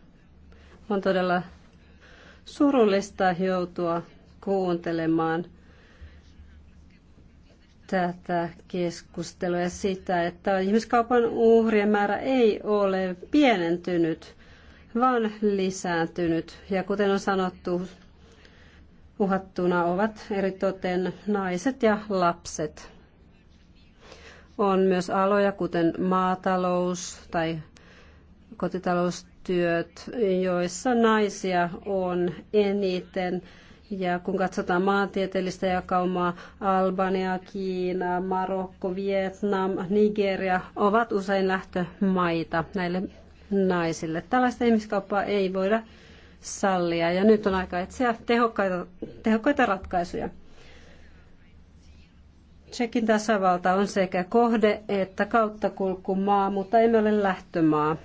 on todella surullista joutua kuuntelemaan tätä keskustelua ja sitä, että ihmiskaupan uhrien määrä ei ole pienentynyt, vaan lisääntynyt. Ja kuten on sanottu, uhattuna ovat eritoten naiset ja lapset. On myös aloja, kuten maatalous tai kotitalous työt, joissa naisia on eniten. Ja kun katsotaan maantieteellistä jakaumaa, Albania, Kiina, Marokko, Vietnam, Nigeria ovat usein lähtömaita näille naisille. Tällaista ihmiskauppaa ei voida sallia ja nyt on aika etsiä tehokkaita, tehokkaita ratkaisuja. Tsekin tasavalta on sekä kohde että kauttakulkumaa, mutta emme ole lähtömaa.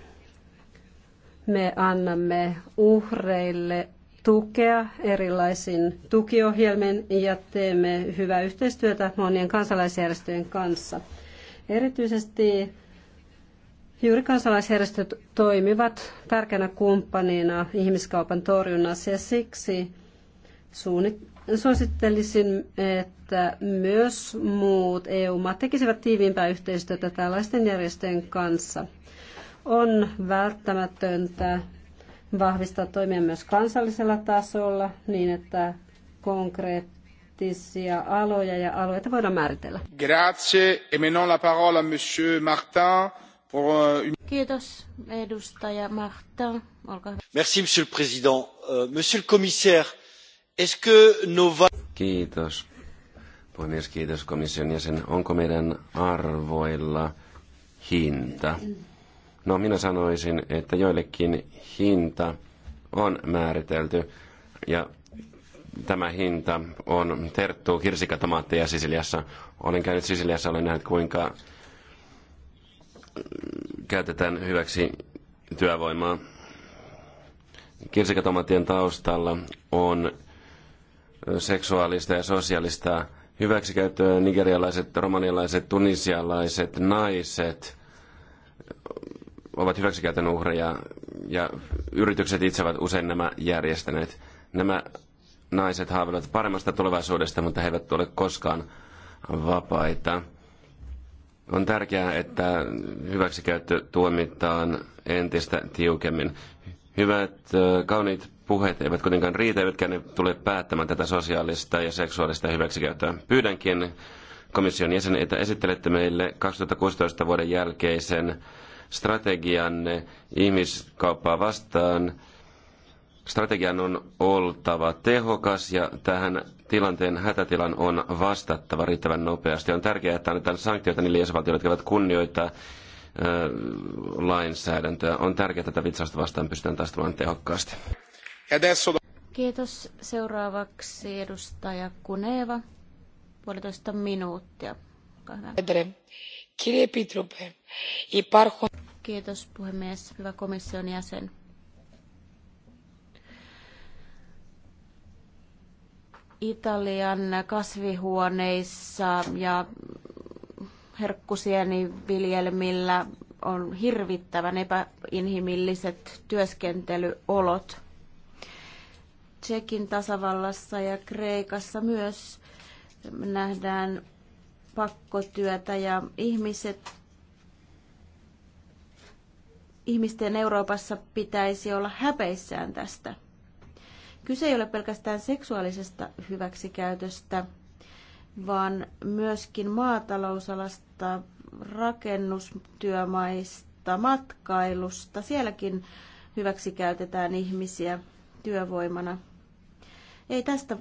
Me annamme uhreille tukea erilaisin tukiohjelmin ja teemme hyvää yhteistyötä monien kansalaisjärjestöjen kanssa. Erityisesti juuri kansalaisjärjestöt toimivat tärkeänä kumppanina ihmiskaupan torjunnassa ja siksi suosittelisin, että myös muut EU-maat tekisivät tiiviimpää yhteistyötä tällaisten järjestöjen kanssa – on välttämätöntä vahvistaa toimia myös kansallisella tasolla niin, että konkreettisia aloja ja alueita voidaan määritellä. E euh, kiitos, edustaja Martin. Olkaa hyvä. Merci, monsieur le président. Euh, monsieur le commissaire, est-ce que nos... Kiitos. Puhemies, kiitos komission jäsen. Onko meidän arvoilla hinta? Mm No minä sanoisin, että joillekin hinta on määritelty ja tämä hinta on terttu kirsikatomaatteja Sisiliassa. Olen käynyt Sisiliassa, olen nähnyt kuinka käytetään hyväksi työvoimaa. Kirsikatomaattien taustalla on seksuaalista ja sosiaalista hyväksikäyttöä. Nigerialaiset, romanialaiset, tunisialaiset, naiset ovat hyväksikäytön uhreja ja yritykset itse ovat usein nämä järjestäneet. Nämä naiset haaveilevat paremmasta tulevaisuudesta, mutta he eivät ole koskaan vapaita. On tärkeää, että hyväksikäyttö tuomitaan entistä tiukemmin. Hyvät, kauniit puheet eivät kuitenkaan riitä, eivätkä ne tule päättämään tätä sosiaalista ja seksuaalista hyväksikäyttöä. Pyydänkin komission jäsen, että esittelette meille 2016 vuoden jälkeisen strategianne ihmiskauppaa vastaan. Strategian on oltava tehokas ja tähän tilanteen hätätilan on vastattava riittävän nopeasti. On tärkeää, että annetaan sanktioita niille jäsenvaltioille, jotka eivät kunnioita lainsäädäntöä. On tärkeää, että tätä vitsausta vastaan pystytään taistelemaan tehokkaasti. Kiitos. Seuraavaksi edustaja Kuneva. Puolitoista minuuttia. Olkaa hyvä. Kiitos puhemies, hyvä komission jäsen. Italian kasvihuoneissa ja herkkusieniviljelmillä on hirvittävän epäinhimilliset työskentelyolot. Tsekin tasavallassa ja Kreikassa myös nähdään pakkotyötä ja ihmiset, ihmisten Euroopassa pitäisi olla häpeissään tästä. Kyse ei ole pelkästään seksuaalisesta hyväksikäytöstä, vaan myöskin maatalousalasta, rakennustyömaista, matkailusta. Sielläkin hyväksikäytetään ihmisiä työvoimana. Ei tästä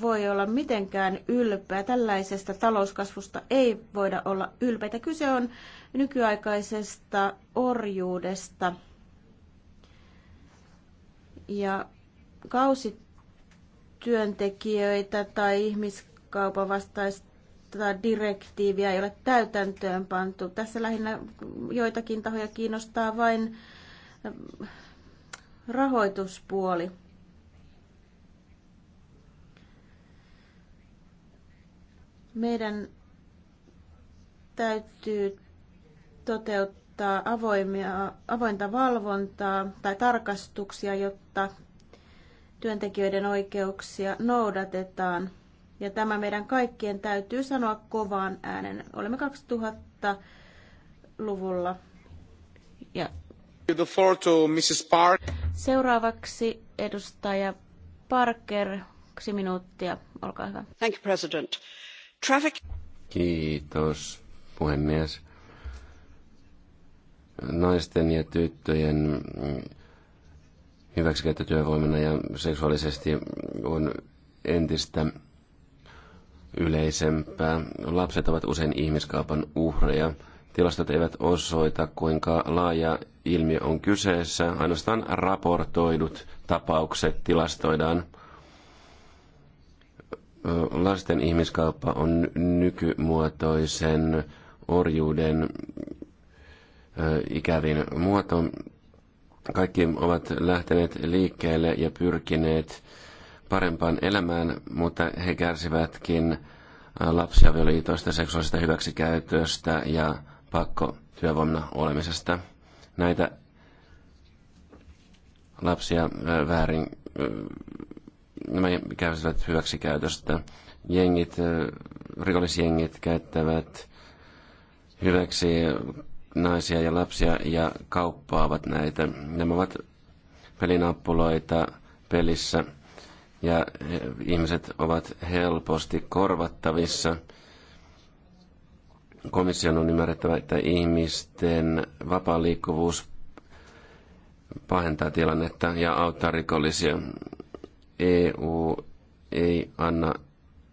voi olla mitenkään ylpeä. Tällaisesta talouskasvusta ei voida olla ylpeitä. Kyse on nykyaikaisesta orjuudesta. Ja kausityöntekijöitä tai ihmiskaupan vastaista direktiiviä ei ole täytäntöön pantu. Tässä lähinnä joitakin tahoja kiinnostaa vain rahoituspuoli. Meidän täytyy toteuttaa avoimia, avointa valvontaa tai tarkastuksia, jotta työntekijöiden oikeuksia noudatetaan. Ja tämä meidän kaikkien täytyy sanoa kovaan äänen. Olemme 2000-luvulla. Ja. The floor to Mrs. Park. Seuraavaksi edustaja Parker, kaksi minuuttia, olkaa hyvä. Thank you, President. Traffic. Kiitos, puhemies. Naisten ja tyttöjen hyväksikäyttö työvoimana ja seksuaalisesti on entistä yleisempää. Lapset ovat usein ihmiskaupan uhreja. Tilastot eivät osoita, kuinka laaja ilmiö on kyseessä. Ainoastaan raportoidut tapaukset tilastoidaan – Lasten ihmiskauppa on nykymuotoisen orjuuden ikävin muoto. Kaikki ovat lähteneet liikkeelle ja pyrkineet parempaan elämään, mutta he kärsivätkin lapsiavioliitoista, seksuaalista hyväksikäytöstä ja pakkotyövoimana olemisesta. Näitä lapsia väärin nämä kärsivät hyväksikäytöstä. Jengit, rikollisjengit käyttävät hyväksi naisia ja lapsia ja kauppaavat näitä. Nämä ovat pelinappuloita pelissä ja e, ihmiset ovat helposti korvattavissa. Komission on ymmärrettävä, että ihmisten vapaa liikkuvuus pahentaa tilannetta ja auttaa rikollisia. EU ei anna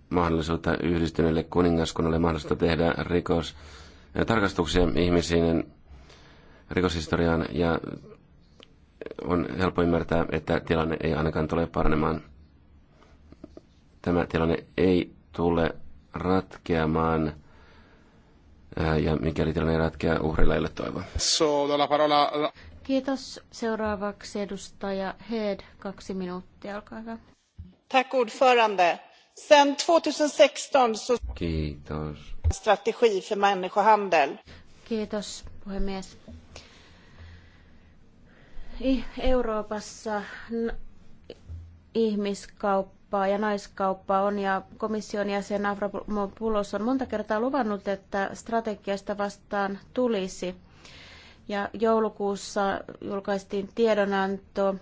mahdollisuutta yhdistyneelle kuningaskunnalle mahdollista tehdä rikos, tarkastuksia ihmisiin rikoshistoriaan ja on helppo ymmärtää, että tilanne ei ainakaan tule paranemaan. Tämä tilanne ei tule ratkeamaan ja mikäli tilanne ei ratkea, uhrilla ei ole toivoa. Kiitos. Seuraavaksi edustaja Head, kaksi minuuttia, olkaa hyvä. Tack ordförande. Sen 2016 så... Kiitos. Strategi för människohandel. Kiitos, puhemies. Euroopassa ihmiskauppaa ja naiskauppaa on ja komission jäsen Avramopoulos on monta kertaa luvannut, että strategiasta vastaan tulisi – ja joulukuussa julkaistiin tiedonanto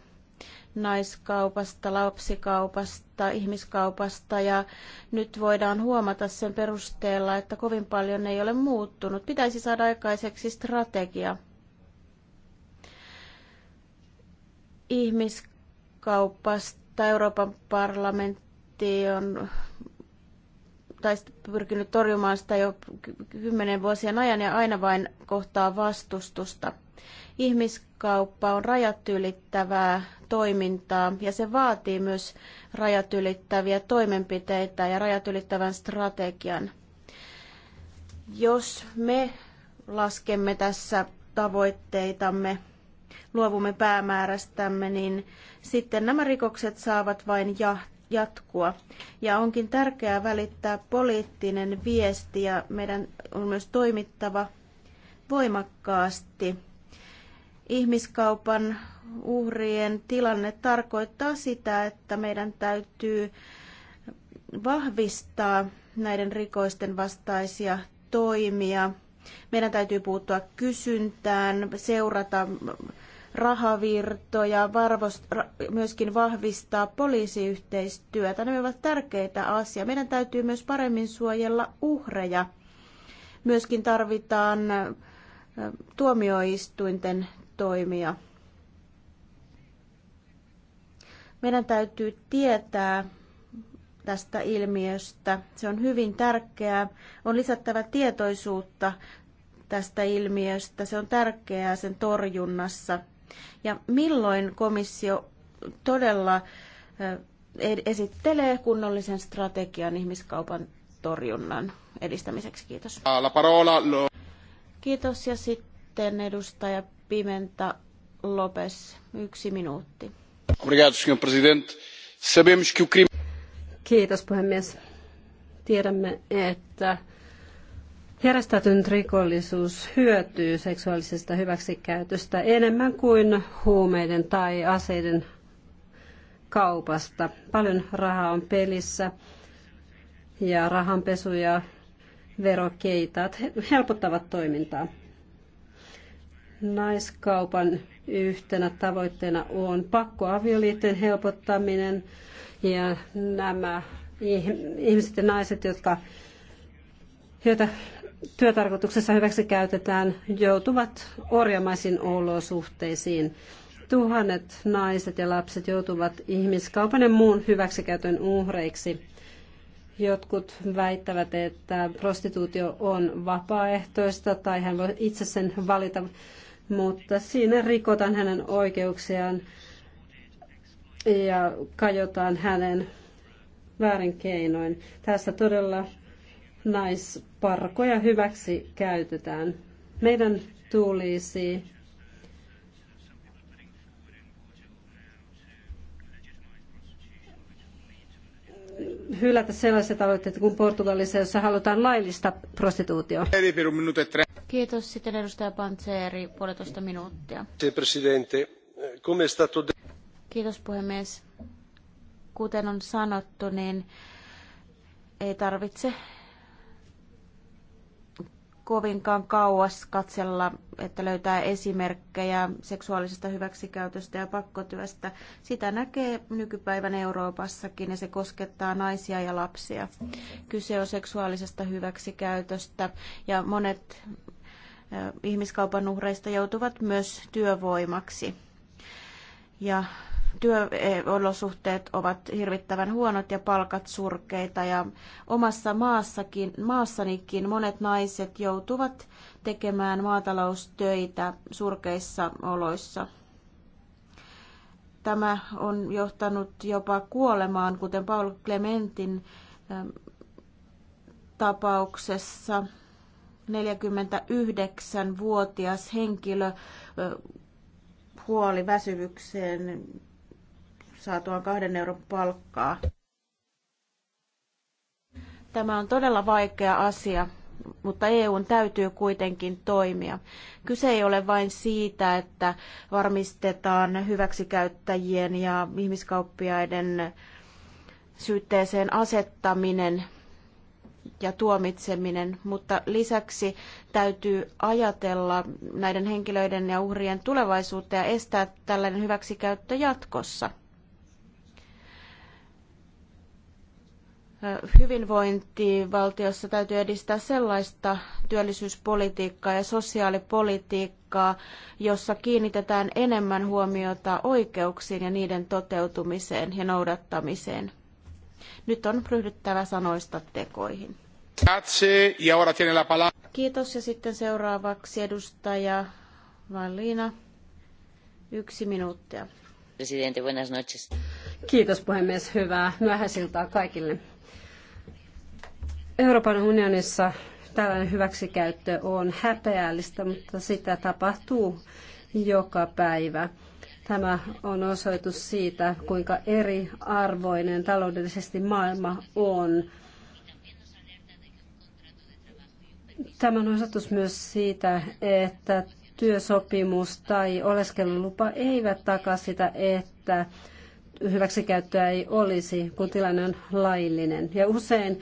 naiskaupasta, lapsikaupasta, ihmiskaupasta ja nyt voidaan huomata sen perusteella, että kovin paljon ei ole muuttunut. Pitäisi saada aikaiseksi strategia. Ihmiskaupasta Euroopan parlamentti on tai pyrkinyt torjumaan sitä jo kymmenen vuosien ajan ja aina vain kohtaa vastustusta. Ihmiskauppa on rajat ylittävää toimintaa ja se vaatii myös rajat ylittäviä toimenpiteitä ja rajat ylittävän strategian. Jos me laskemme tässä tavoitteitamme, luovumme päämäärästämme, niin sitten nämä rikokset saavat vain jahtia jatkua. Ja onkin tärkeää välittää poliittinen viesti ja meidän on myös toimittava voimakkaasti. Ihmiskaupan uhrien tilanne tarkoittaa sitä, että meidän täytyy vahvistaa näiden rikoisten vastaisia toimia. Meidän täytyy puuttua kysyntään, seurata rahavirtoja, varvost, myöskin vahvistaa poliisiyhteistyötä. Nämä ovat tärkeitä asioita. Meidän täytyy myös paremmin suojella uhreja. Myöskin tarvitaan tuomioistuinten toimia. Meidän täytyy tietää tästä ilmiöstä. Se on hyvin tärkeää. On lisättävä tietoisuutta tästä ilmiöstä. Se on tärkeää sen torjunnassa. Ja milloin komissio todella esittelee kunnollisen strategian ihmiskaupan torjunnan edistämiseksi? Kiitos. Ah, la parola, Kiitos ja sitten edustaja Pimenta Lopes, yksi minuutti. Kiitos puhemies. Tiedämme, että Järjestäytynyt rikollisuus hyötyy seksuaalisesta hyväksikäytöstä enemmän kuin huumeiden tai aseiden kaupasta. Paljon rahaa on pelissä ja rahanpesu ja verokeitaat helpottavat toimintaa. Naiskaupan yhtenä tavoitteena on pakkoavioliitteen helpottaminen ja nämä ihmiset ja naiset, jotka, joita työtarkoituksessa käytetään joutuvat orjamaisiin olosuhteisiin. Tuhannet naiset ja lapset joutuvat ihmiskaupan ja muun hyväksikäytön uhreiksi. Jotkut väittävät, että prostituutio on vapaaehtoista tai hän voi itse sen valita, mutta siinä rikotaan hänen oikeuksiaan ja kajotaan hänen väärin keinoin. Tässä todella naisparkoja hyväksi käytetään. Meidän tulisi hylätä sellaiset aloitteet kuin Portugalissa, jossa halutaan laillista prostituutio. Kiitos. Sitten edustaja Panzeri, puolitoista minuuttia. Kiitos puhemies. Kuten on sanottu, niin ei tarvitse kovinkaan kauas katsella, että löytää esimerkkejä seksuaalisesta hyväksikäytöstä ja pakkotyöstä. Sitä näkee nykypäivän Euroopassakin ja se koskettaa naisia ja lapsia. Kyse on seksuaalisesta hyväksikäytöstä ja monet ihmiskaupan uhreista joutuvat myös työvoimaksi. Ja työolosuhteet ovat hirvittävän huonot ja palkat surkeita ja omassa maassakin, maassanikin monet naiset joutuvat tekemään maataloustöitä surkeissa oloissa. Tämä on johtanut jopa kuolemaan, kuten Paul Clementin ähm, tapauksessa 49-vuotias henkilö kuoli äh, väsyvykseen saatuaan kahden euron palkkaa. Tämä on todella vaikea asia, mutta EUn täytyy kuitenkin toimia. Kyse ei ole vain siitä, että varmistetaan hyväksikäyttäjien ja ihmiskauppiaiden syytteeseen asettaminen ja tuomitseminen, mutta lisäksi täytyy ajatella näiden henkilöiden ja uhrien tulevaisuutta ja estää tällainen hyväksikäyttö jatkossa. hyvinvointivaltiossa täytyy edistää sellaista työllisyyspolitiikkaa ja sosiaalipolitiikkaa, jossa kiinnitetään enemmän huomiota oikeuksiin ja niiden toteutumiseen ja noudattamiseen. Nyt on ryhdyttävä sanoista tekoihin. Kiitos ja sitten seuraavaksi edustaja Valina. Yksi minuuttia. Presidente, buenas noches. Kiitos puhemies. Hyvää myöhäisiltaa kaikille. Euroopan unionissa tällainen hyväksikäyttö on häpeällistä, mutta sitä tapahtuu joka päivä. Tämä on osoitus siitä, kuinka eriarvoinen taloudellisesti maailma on. Tämä on osoitus myös siitä, että työsopimus tai oleskelulupa eivät takaa sitä, että hyväksikäyttöä ei olisi, kun tilanne on laillinen. Ja usein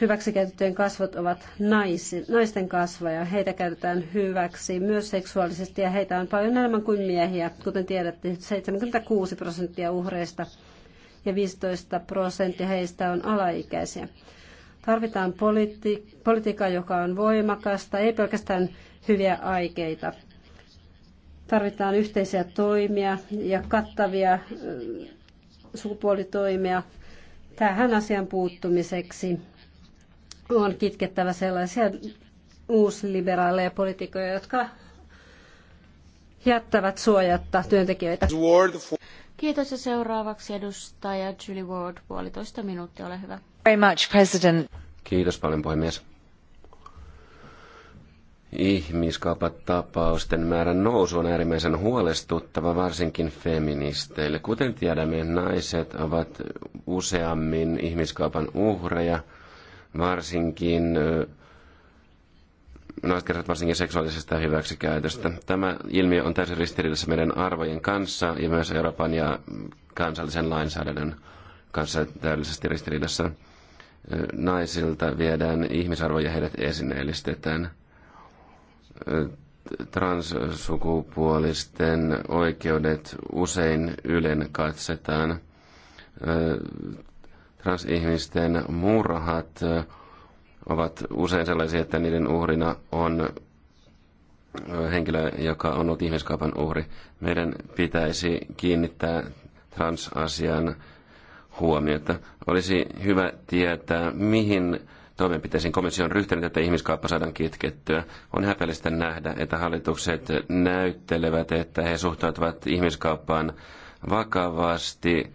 hyväksikäytettyjen kasvot ovat naisi, naisten kasvoja. Heitä käytetään hyväksi myös seksuaalisesti ja heitä on paljon enemmän kuin miehiä. Kuten tiedätte, 76 prosenttia uhreista ja 15 prosenttia heistä on alaikäisiä. Tarvitaan politi- politiikkaa, joka on voimakasta, ei pelkästään hyviä aikeita. Tarvitaan yhteisiä toimia ja kattavia sukupuolitoimia tähän asian puuttumiseksi on kitkettävä sellaisia uusliberaaleja poliitikoja, jotka jättävät suojatta työntekijöitä. Kiitos ja seuraavaksi edustaja Julie Ward, puolitoista minuuttia, ole hyvä. Very much, President. Kiitos paljon puhemies. Ihmiskaupatapausten määrän nousu on äärimmäisen huolestuttava varsinkin feministeille. Kuten tiedämme, naiset ovat useammin ihmiskaupan uhreja – varsinkin naiset kärsivät varsinkin seksuaalisesta hyväksikäytöstä. Tämä ilmiö on täysin ristiriidassa meidän arvojen kanssa ja myös Euroopan ja kansallisen lainsäädännön kanssa täydellisesti ristiriidassa. Naisilta viedään ihmisarvoja heidät esineellistetään. Transsukupuolisten oikeudet usein ylen katsetaan Transihmisten murhat ovat usein sellaisia, että niiden uhrina on henkilö, joka on ollut ihmiskaupan uhri. Meidän pitäisi kiinnittää transasian huomiota. Olisi hyvä tietää, mihin toimenpiteisiin komission on ryhtynyt, että ihmiskauppa saadaan kitkettyä. On häpeällistä nähdä, että hallitukset näyttelevät, että he suhtautuvat ihmiskauppaan vakavasti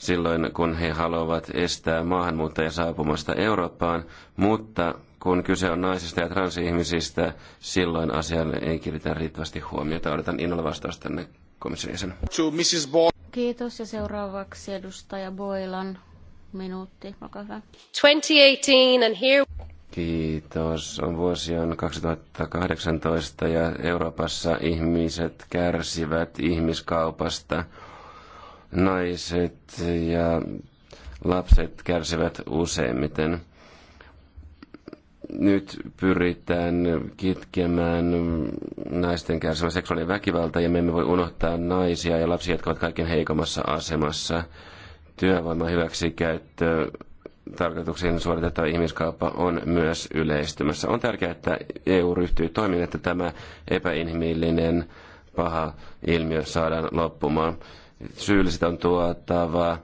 silloin, kun he haluavat estää maahanmuuttajia saapumasta Eurooppaan, mutta kun kyse on naisista ja transihmisistä, silloin asialle ei kiinnitä riittävästi huomiota. Odotan innolla vastausta tänne komission jäsen. Kiitos ja seuraavaksi edustaja Boilan minuutti, olkaa hyvä. 2018 and here... Kiitos. On vuosi on 2018 ja Euroopassa ihmiset kärsivät ihmiskaupasta – naiset ja lapset kärsivät useimmiten. Nyt pyritään kitkemään naisten kärsimä seksuaalinen väkivalta ja me emme voi unohtaa naisia ja lapsia, jotka ovat kaiken heikommassa asemassa. Työvoiman hyväksikäyttö tarkoituksiin suoritettava ihmiskauppa on myös yleistymässä. On tärkeää, että EU ryhtyy toimiin, että tämä epäinhimillinen paha ilmiö saadaan loppumaan syylliset on tuotava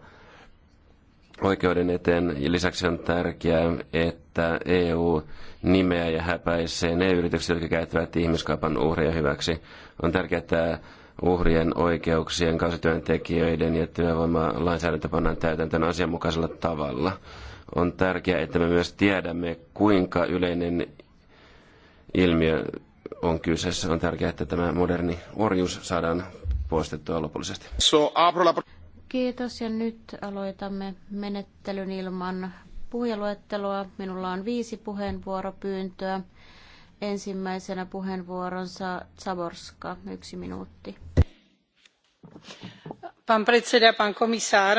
oikeuden eteen. Lisäksi on tärkeää, että EU nimeää ja häpäisee ne yritykset, jotka käyttävät ihmiskaupan uhria hyväksi. On tärkeää, että uhrien oikeuksien, kausityöntekijöiden ja työvoimalainsäädäntö pannaan täytäntöön asianmukaisella tavalla. On tärkeää, että me myös tiedämme, kuinka yleinen ilmiö on kyseessä. On tärkeää, että tämä moderni orjuus saadaan poistettua lopullisesti. Kiitos ja nyt aloitamme menettelyn ilman puhujaluetteloa. Minulla on viisi puheenvuoropyyntöä. Ensimmäisenä puheenvuoronsa Zaborska, yksi minuutti. Pan predseda, pan komisar.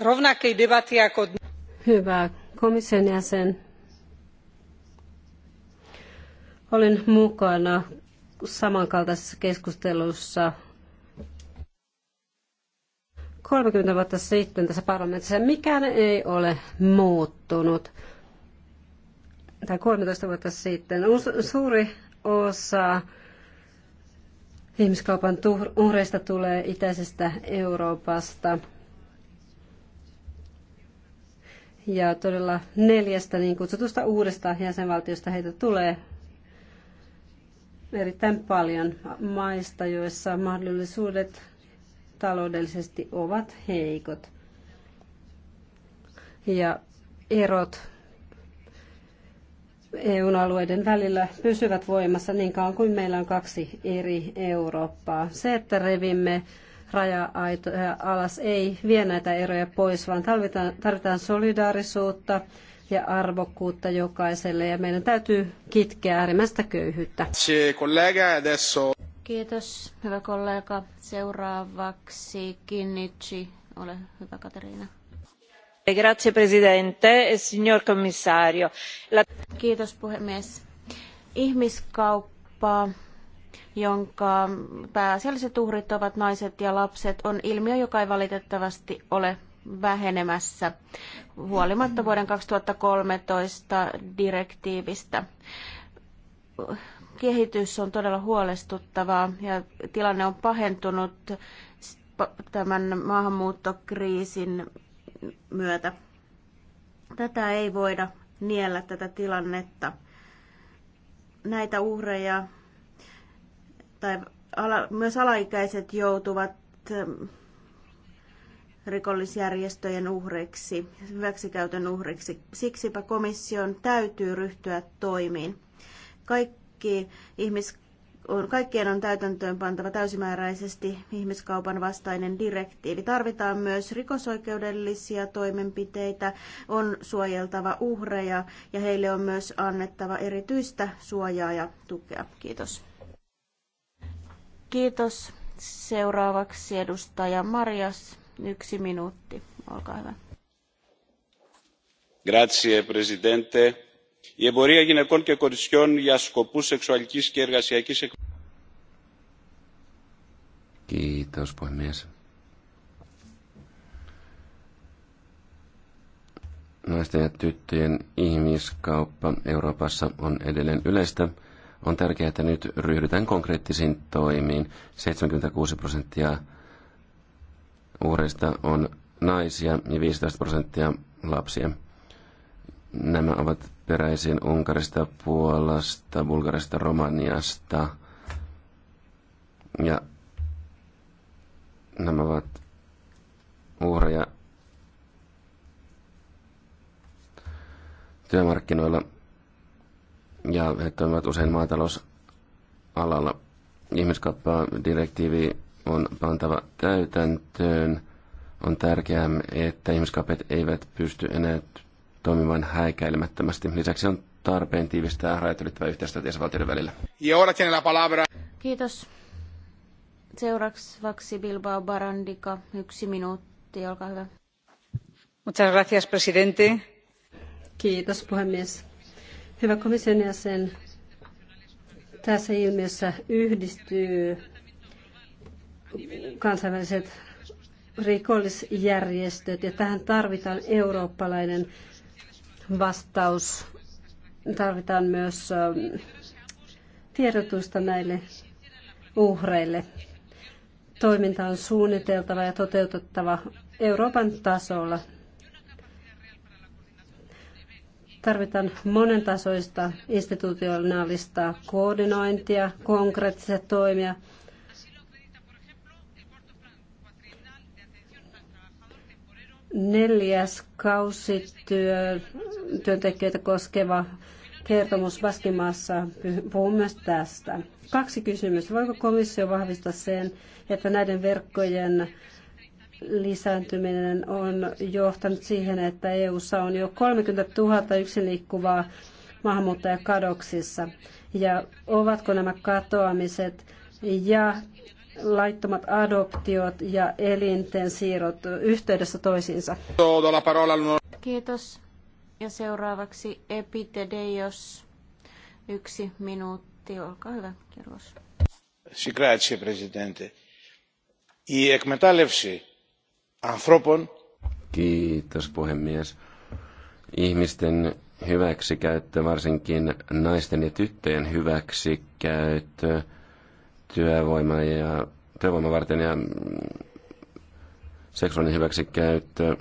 rovnakej debaty ako... Hyvä komission jäsen. Olin mukana samankaltaisessa keskustelussa 30 vuotta sitten tässä parlamentissa. Mikään ei ole muuttunut. Tai 13 vuotta sitten. Suuri osa ihmiskaupan uhreista tulee itäisestä Euroopasta. Ja todella neljästä niin kutsutusta uudesta jäsenvaltiosta heitä tulee erittäin paljon maista, joissa mahdollisuudet taloudellisesti ovat heikot. Ja erot EU-alueiden välillä pysyvät voimassa niin kauan kuin meillä on kaksi eri Eurooppaa. Se, että revimme raja-aitoja alas, ei vie näitä eroja pois, vaan tarvitaan, tarvitaan solidaarisuutta ja arvokkuutta jokaiselle ja meidän täytyy kitkeä äärimmäistä köyhyyttä. Kiitos, hyvä kollega. Seuraavaksi Kinnici. Ole hyvä, Kateriina. E grazie presidente, e signor commissario. Kiitos puhemies. Ihmiskauppa jonka pääasialliset uhrit ovat naiset ja lapset, on ilmiö, joka ei valitettavasti ole vähenemässä huolimatta vuoden 2013 direktiivistä. Kehitys on todella huolestuttavaa ja tilanne on pahentunut tämän maahanmuuttokriisin myötä. Tätä ei voida niellä tätä tilannetta. Näitä uhreja tai ala, myös alaikäiset joutuvat rikollisjärjestöjen uhriksi, hyväksikäytön uhreiksi. Siksipä komission täytyy ryhtyä toimiin. Kaikki ihmis, on, kaikkien on täytäntöön pantava täysimääräisesti ihmiskaupan vastainen direktiivi. Tarvitaan myös rikosoikeudellisia toimenpiteitä, on suojeltava uhreja ja heille on myös annettava erityistä suojaa ja tukea. Kiitos. Kiitos. Seuraavaksi edustaja Marias Yksi minuutti, olkaa hyvä. Grazie, presidente. Η εμπορία γυναικών και κοριτσιών για σκοπούς σεξουαλικής και εργασιακής εκπαίδευσης. Kiitos puhemies. Naisten ja tyttöjen ihmiskauppa Euroopassa on edelleen yleistä. On tärkeää, että nyt ryhdytään konkreettisiin toimiin. 76 prosenttia naisista on naisia ja 15 prosenttia lapsia. Nämä ovat peräisin Unkarista, Puolasta, Bulgarista, Romaniasta. Ja nämä ovat uhreja työmarkkinoilla ja he toimivat usein maatalousalalla. Ihmiskauppaa direktiivi on pantava täytäntöön – on tärkeää, että ihmiskapet eivät pysty enää toimimaan häikäilemättömästi. Lisäksi on tarpeen tiivistää rajat ylittävää yhteistyötä jäsenvaltioiden välillä. Kiitos. Seuraavaksi Bilbao Barandika, yksi minuutti, olkaa hyvä. Muchas gracias, presidente. Kiitos, puhemies. Hyvä komission jäsen, tässä ilmiössä yhdistyy kansainväliset rikollisjärjestöt ja tähän tarvitaan eurooppalainen vastaus. Tarvitaan myös tiedotusta näille uhreille. Toiminta on suunniteltava ja toteutettava Euroopan tasolla. Tarvitaan monen tasoista institutionaalista koordinointia, konkreettisia toimia neljäs kausityö, työntekijöitä koskeva kertomus Baskimaassa puhuu myös tästä. Kaksi kysymystä. Voiko komissio vahvistaa sen, että näiden verkkojen lisääntyminen on johtanut siihen, että EU:ssa on jo 30 000 yksin liikkuvaa maahanmuuttajakadoksissa? Ja ovatko nämä katoamiset ja laittomat adoptiot ja elinten siirrot yhteydessä toisiinsa. Kiitos. Ja seuraavaksi Epitedeios. Yksi minuutti, olkaa hyvä, kirjoitus. Grazie, presidente. I ekmetallevsi anthropon. Kiitos, puhemies. Ihmisten hyväksikäyttö, varsinkin naisten ja tyttöjen hyväksikäyttö, työvoima ja työvoiman varten ja seksuaalinen hyväksikäyttö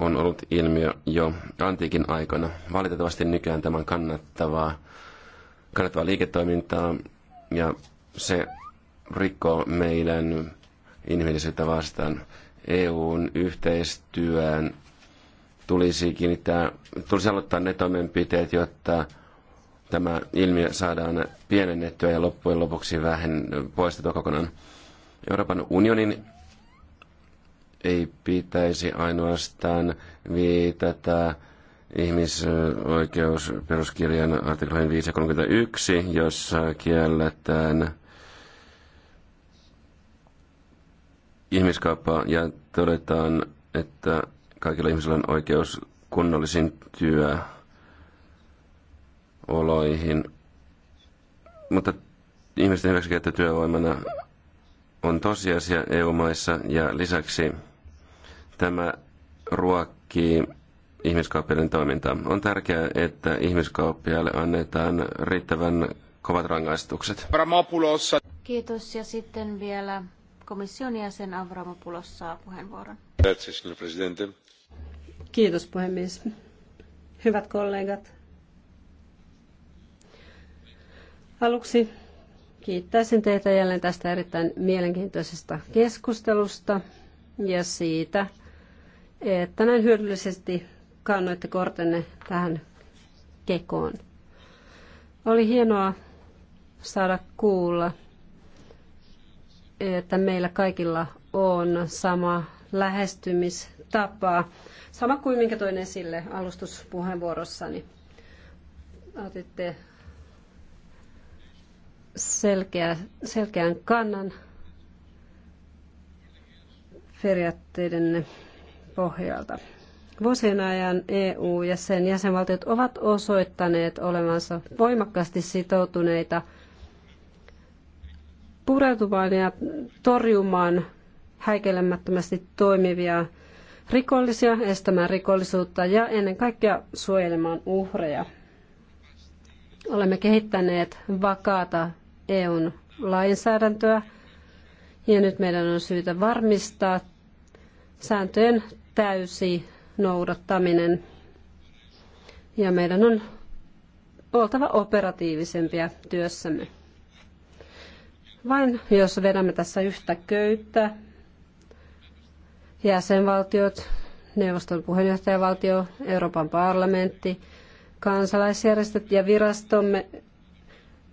on ollut ilmiö jo antiikin aikana. Valitettavasti nykyään tämän kannattavaa, kannattavaa liiketoimintaa ja se rikkoo meidän inhimillisyyttä vastaan. EUn yhteistyön tulisi kiinnittää, tulisi aloittaa ne toimenpiteet, jotta tämä ilmiö saadaan pienennettyä ja loppujen lopuksi vähän poistettua kokonaan. Euroopan unionin ei pitäisi ainoastaan viitata ihmisoikeusperuskirjan artikloihin 531, jossa kielletään ihmiskauppa ja todetaan, että kaikilla ihmisillä on oikeus kunnollisin työ oloihin. Mutta ihmisten hyväksikäyttö työvoimana on tosiasia EU-maissa ja lisäksi tämä ruokkii ihmiskauppien toimintaa. On tärkeää, että ihmiskauppiaille annetaan riittävän kovat rangaistukset. Kiitos ja sitten vielä komission jäsen Avramopulos saa puheenvuoron. Kiitos puhemies. Hyvät kollegat, Aluksi kiittäisin teitä jälleen tästä erittäin mielenkiintoisesta keskustelusta ja siitä, että näin hyödyllisesti kannoitte kortenne tähän kekoon. Oli hienoa saada kuulla, että meillä kaikilla on sama lähestymistapa, sama kuin minkä toinen sille alustuspuheenvuorossani. Otitte selkeä, selkeän kannan periaatteiden pohjalta. Vuosien ajan EU ja sen jäsenvaltiot ovat osoittaneet olevansa voimakkaasti sitoutuneita pureutumaan ja torjumaan häikelemättömästi toimivia rikollisia, estämään rikollisuutta ja ennen kaikkea suojelemaan uhreja. Olemme kehittäneet vakaata EUn lainsäädäntöä ja nyt meidän on syytä varmistaa sääntöjen täysi noudattaminen ja meidän on oltava operatiivisempia työssämme. Vain jos vedämme tässä yhtä köyttä, jäsenvaltiot, neuvoston puheenjohtajavaltio, Euroopan parlamentti, kansalaisjärjestöt ja virastomme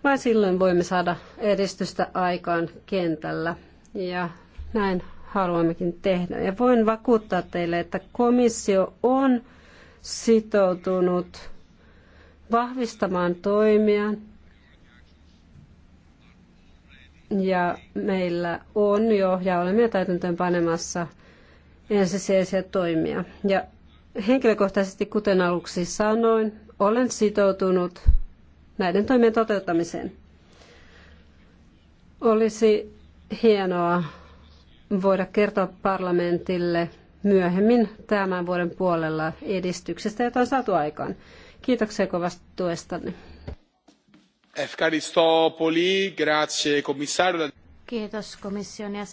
vain silloin voimme saada edistystä aikaan kentällä ja näin haluammekin tehdä. Ja voin vakuuttaa teille, että komissio on sitoutunut vahvistamaan toimia ja meillä on jo ja olemme täytäntöön panemassa ensisijaisia toimia. Ja henkilökohtaisesti, kuten aluksi sanoin, olen sitoutunut näiden toimien toteuttamiseen. Olisi hienoa voida kertoa parlamentille myöhemmin tämän vuoden puolella edistyksestä, jota on saatu aikaan. Kiitoksia kovasta tuestanne. Kiitos komission jäsen.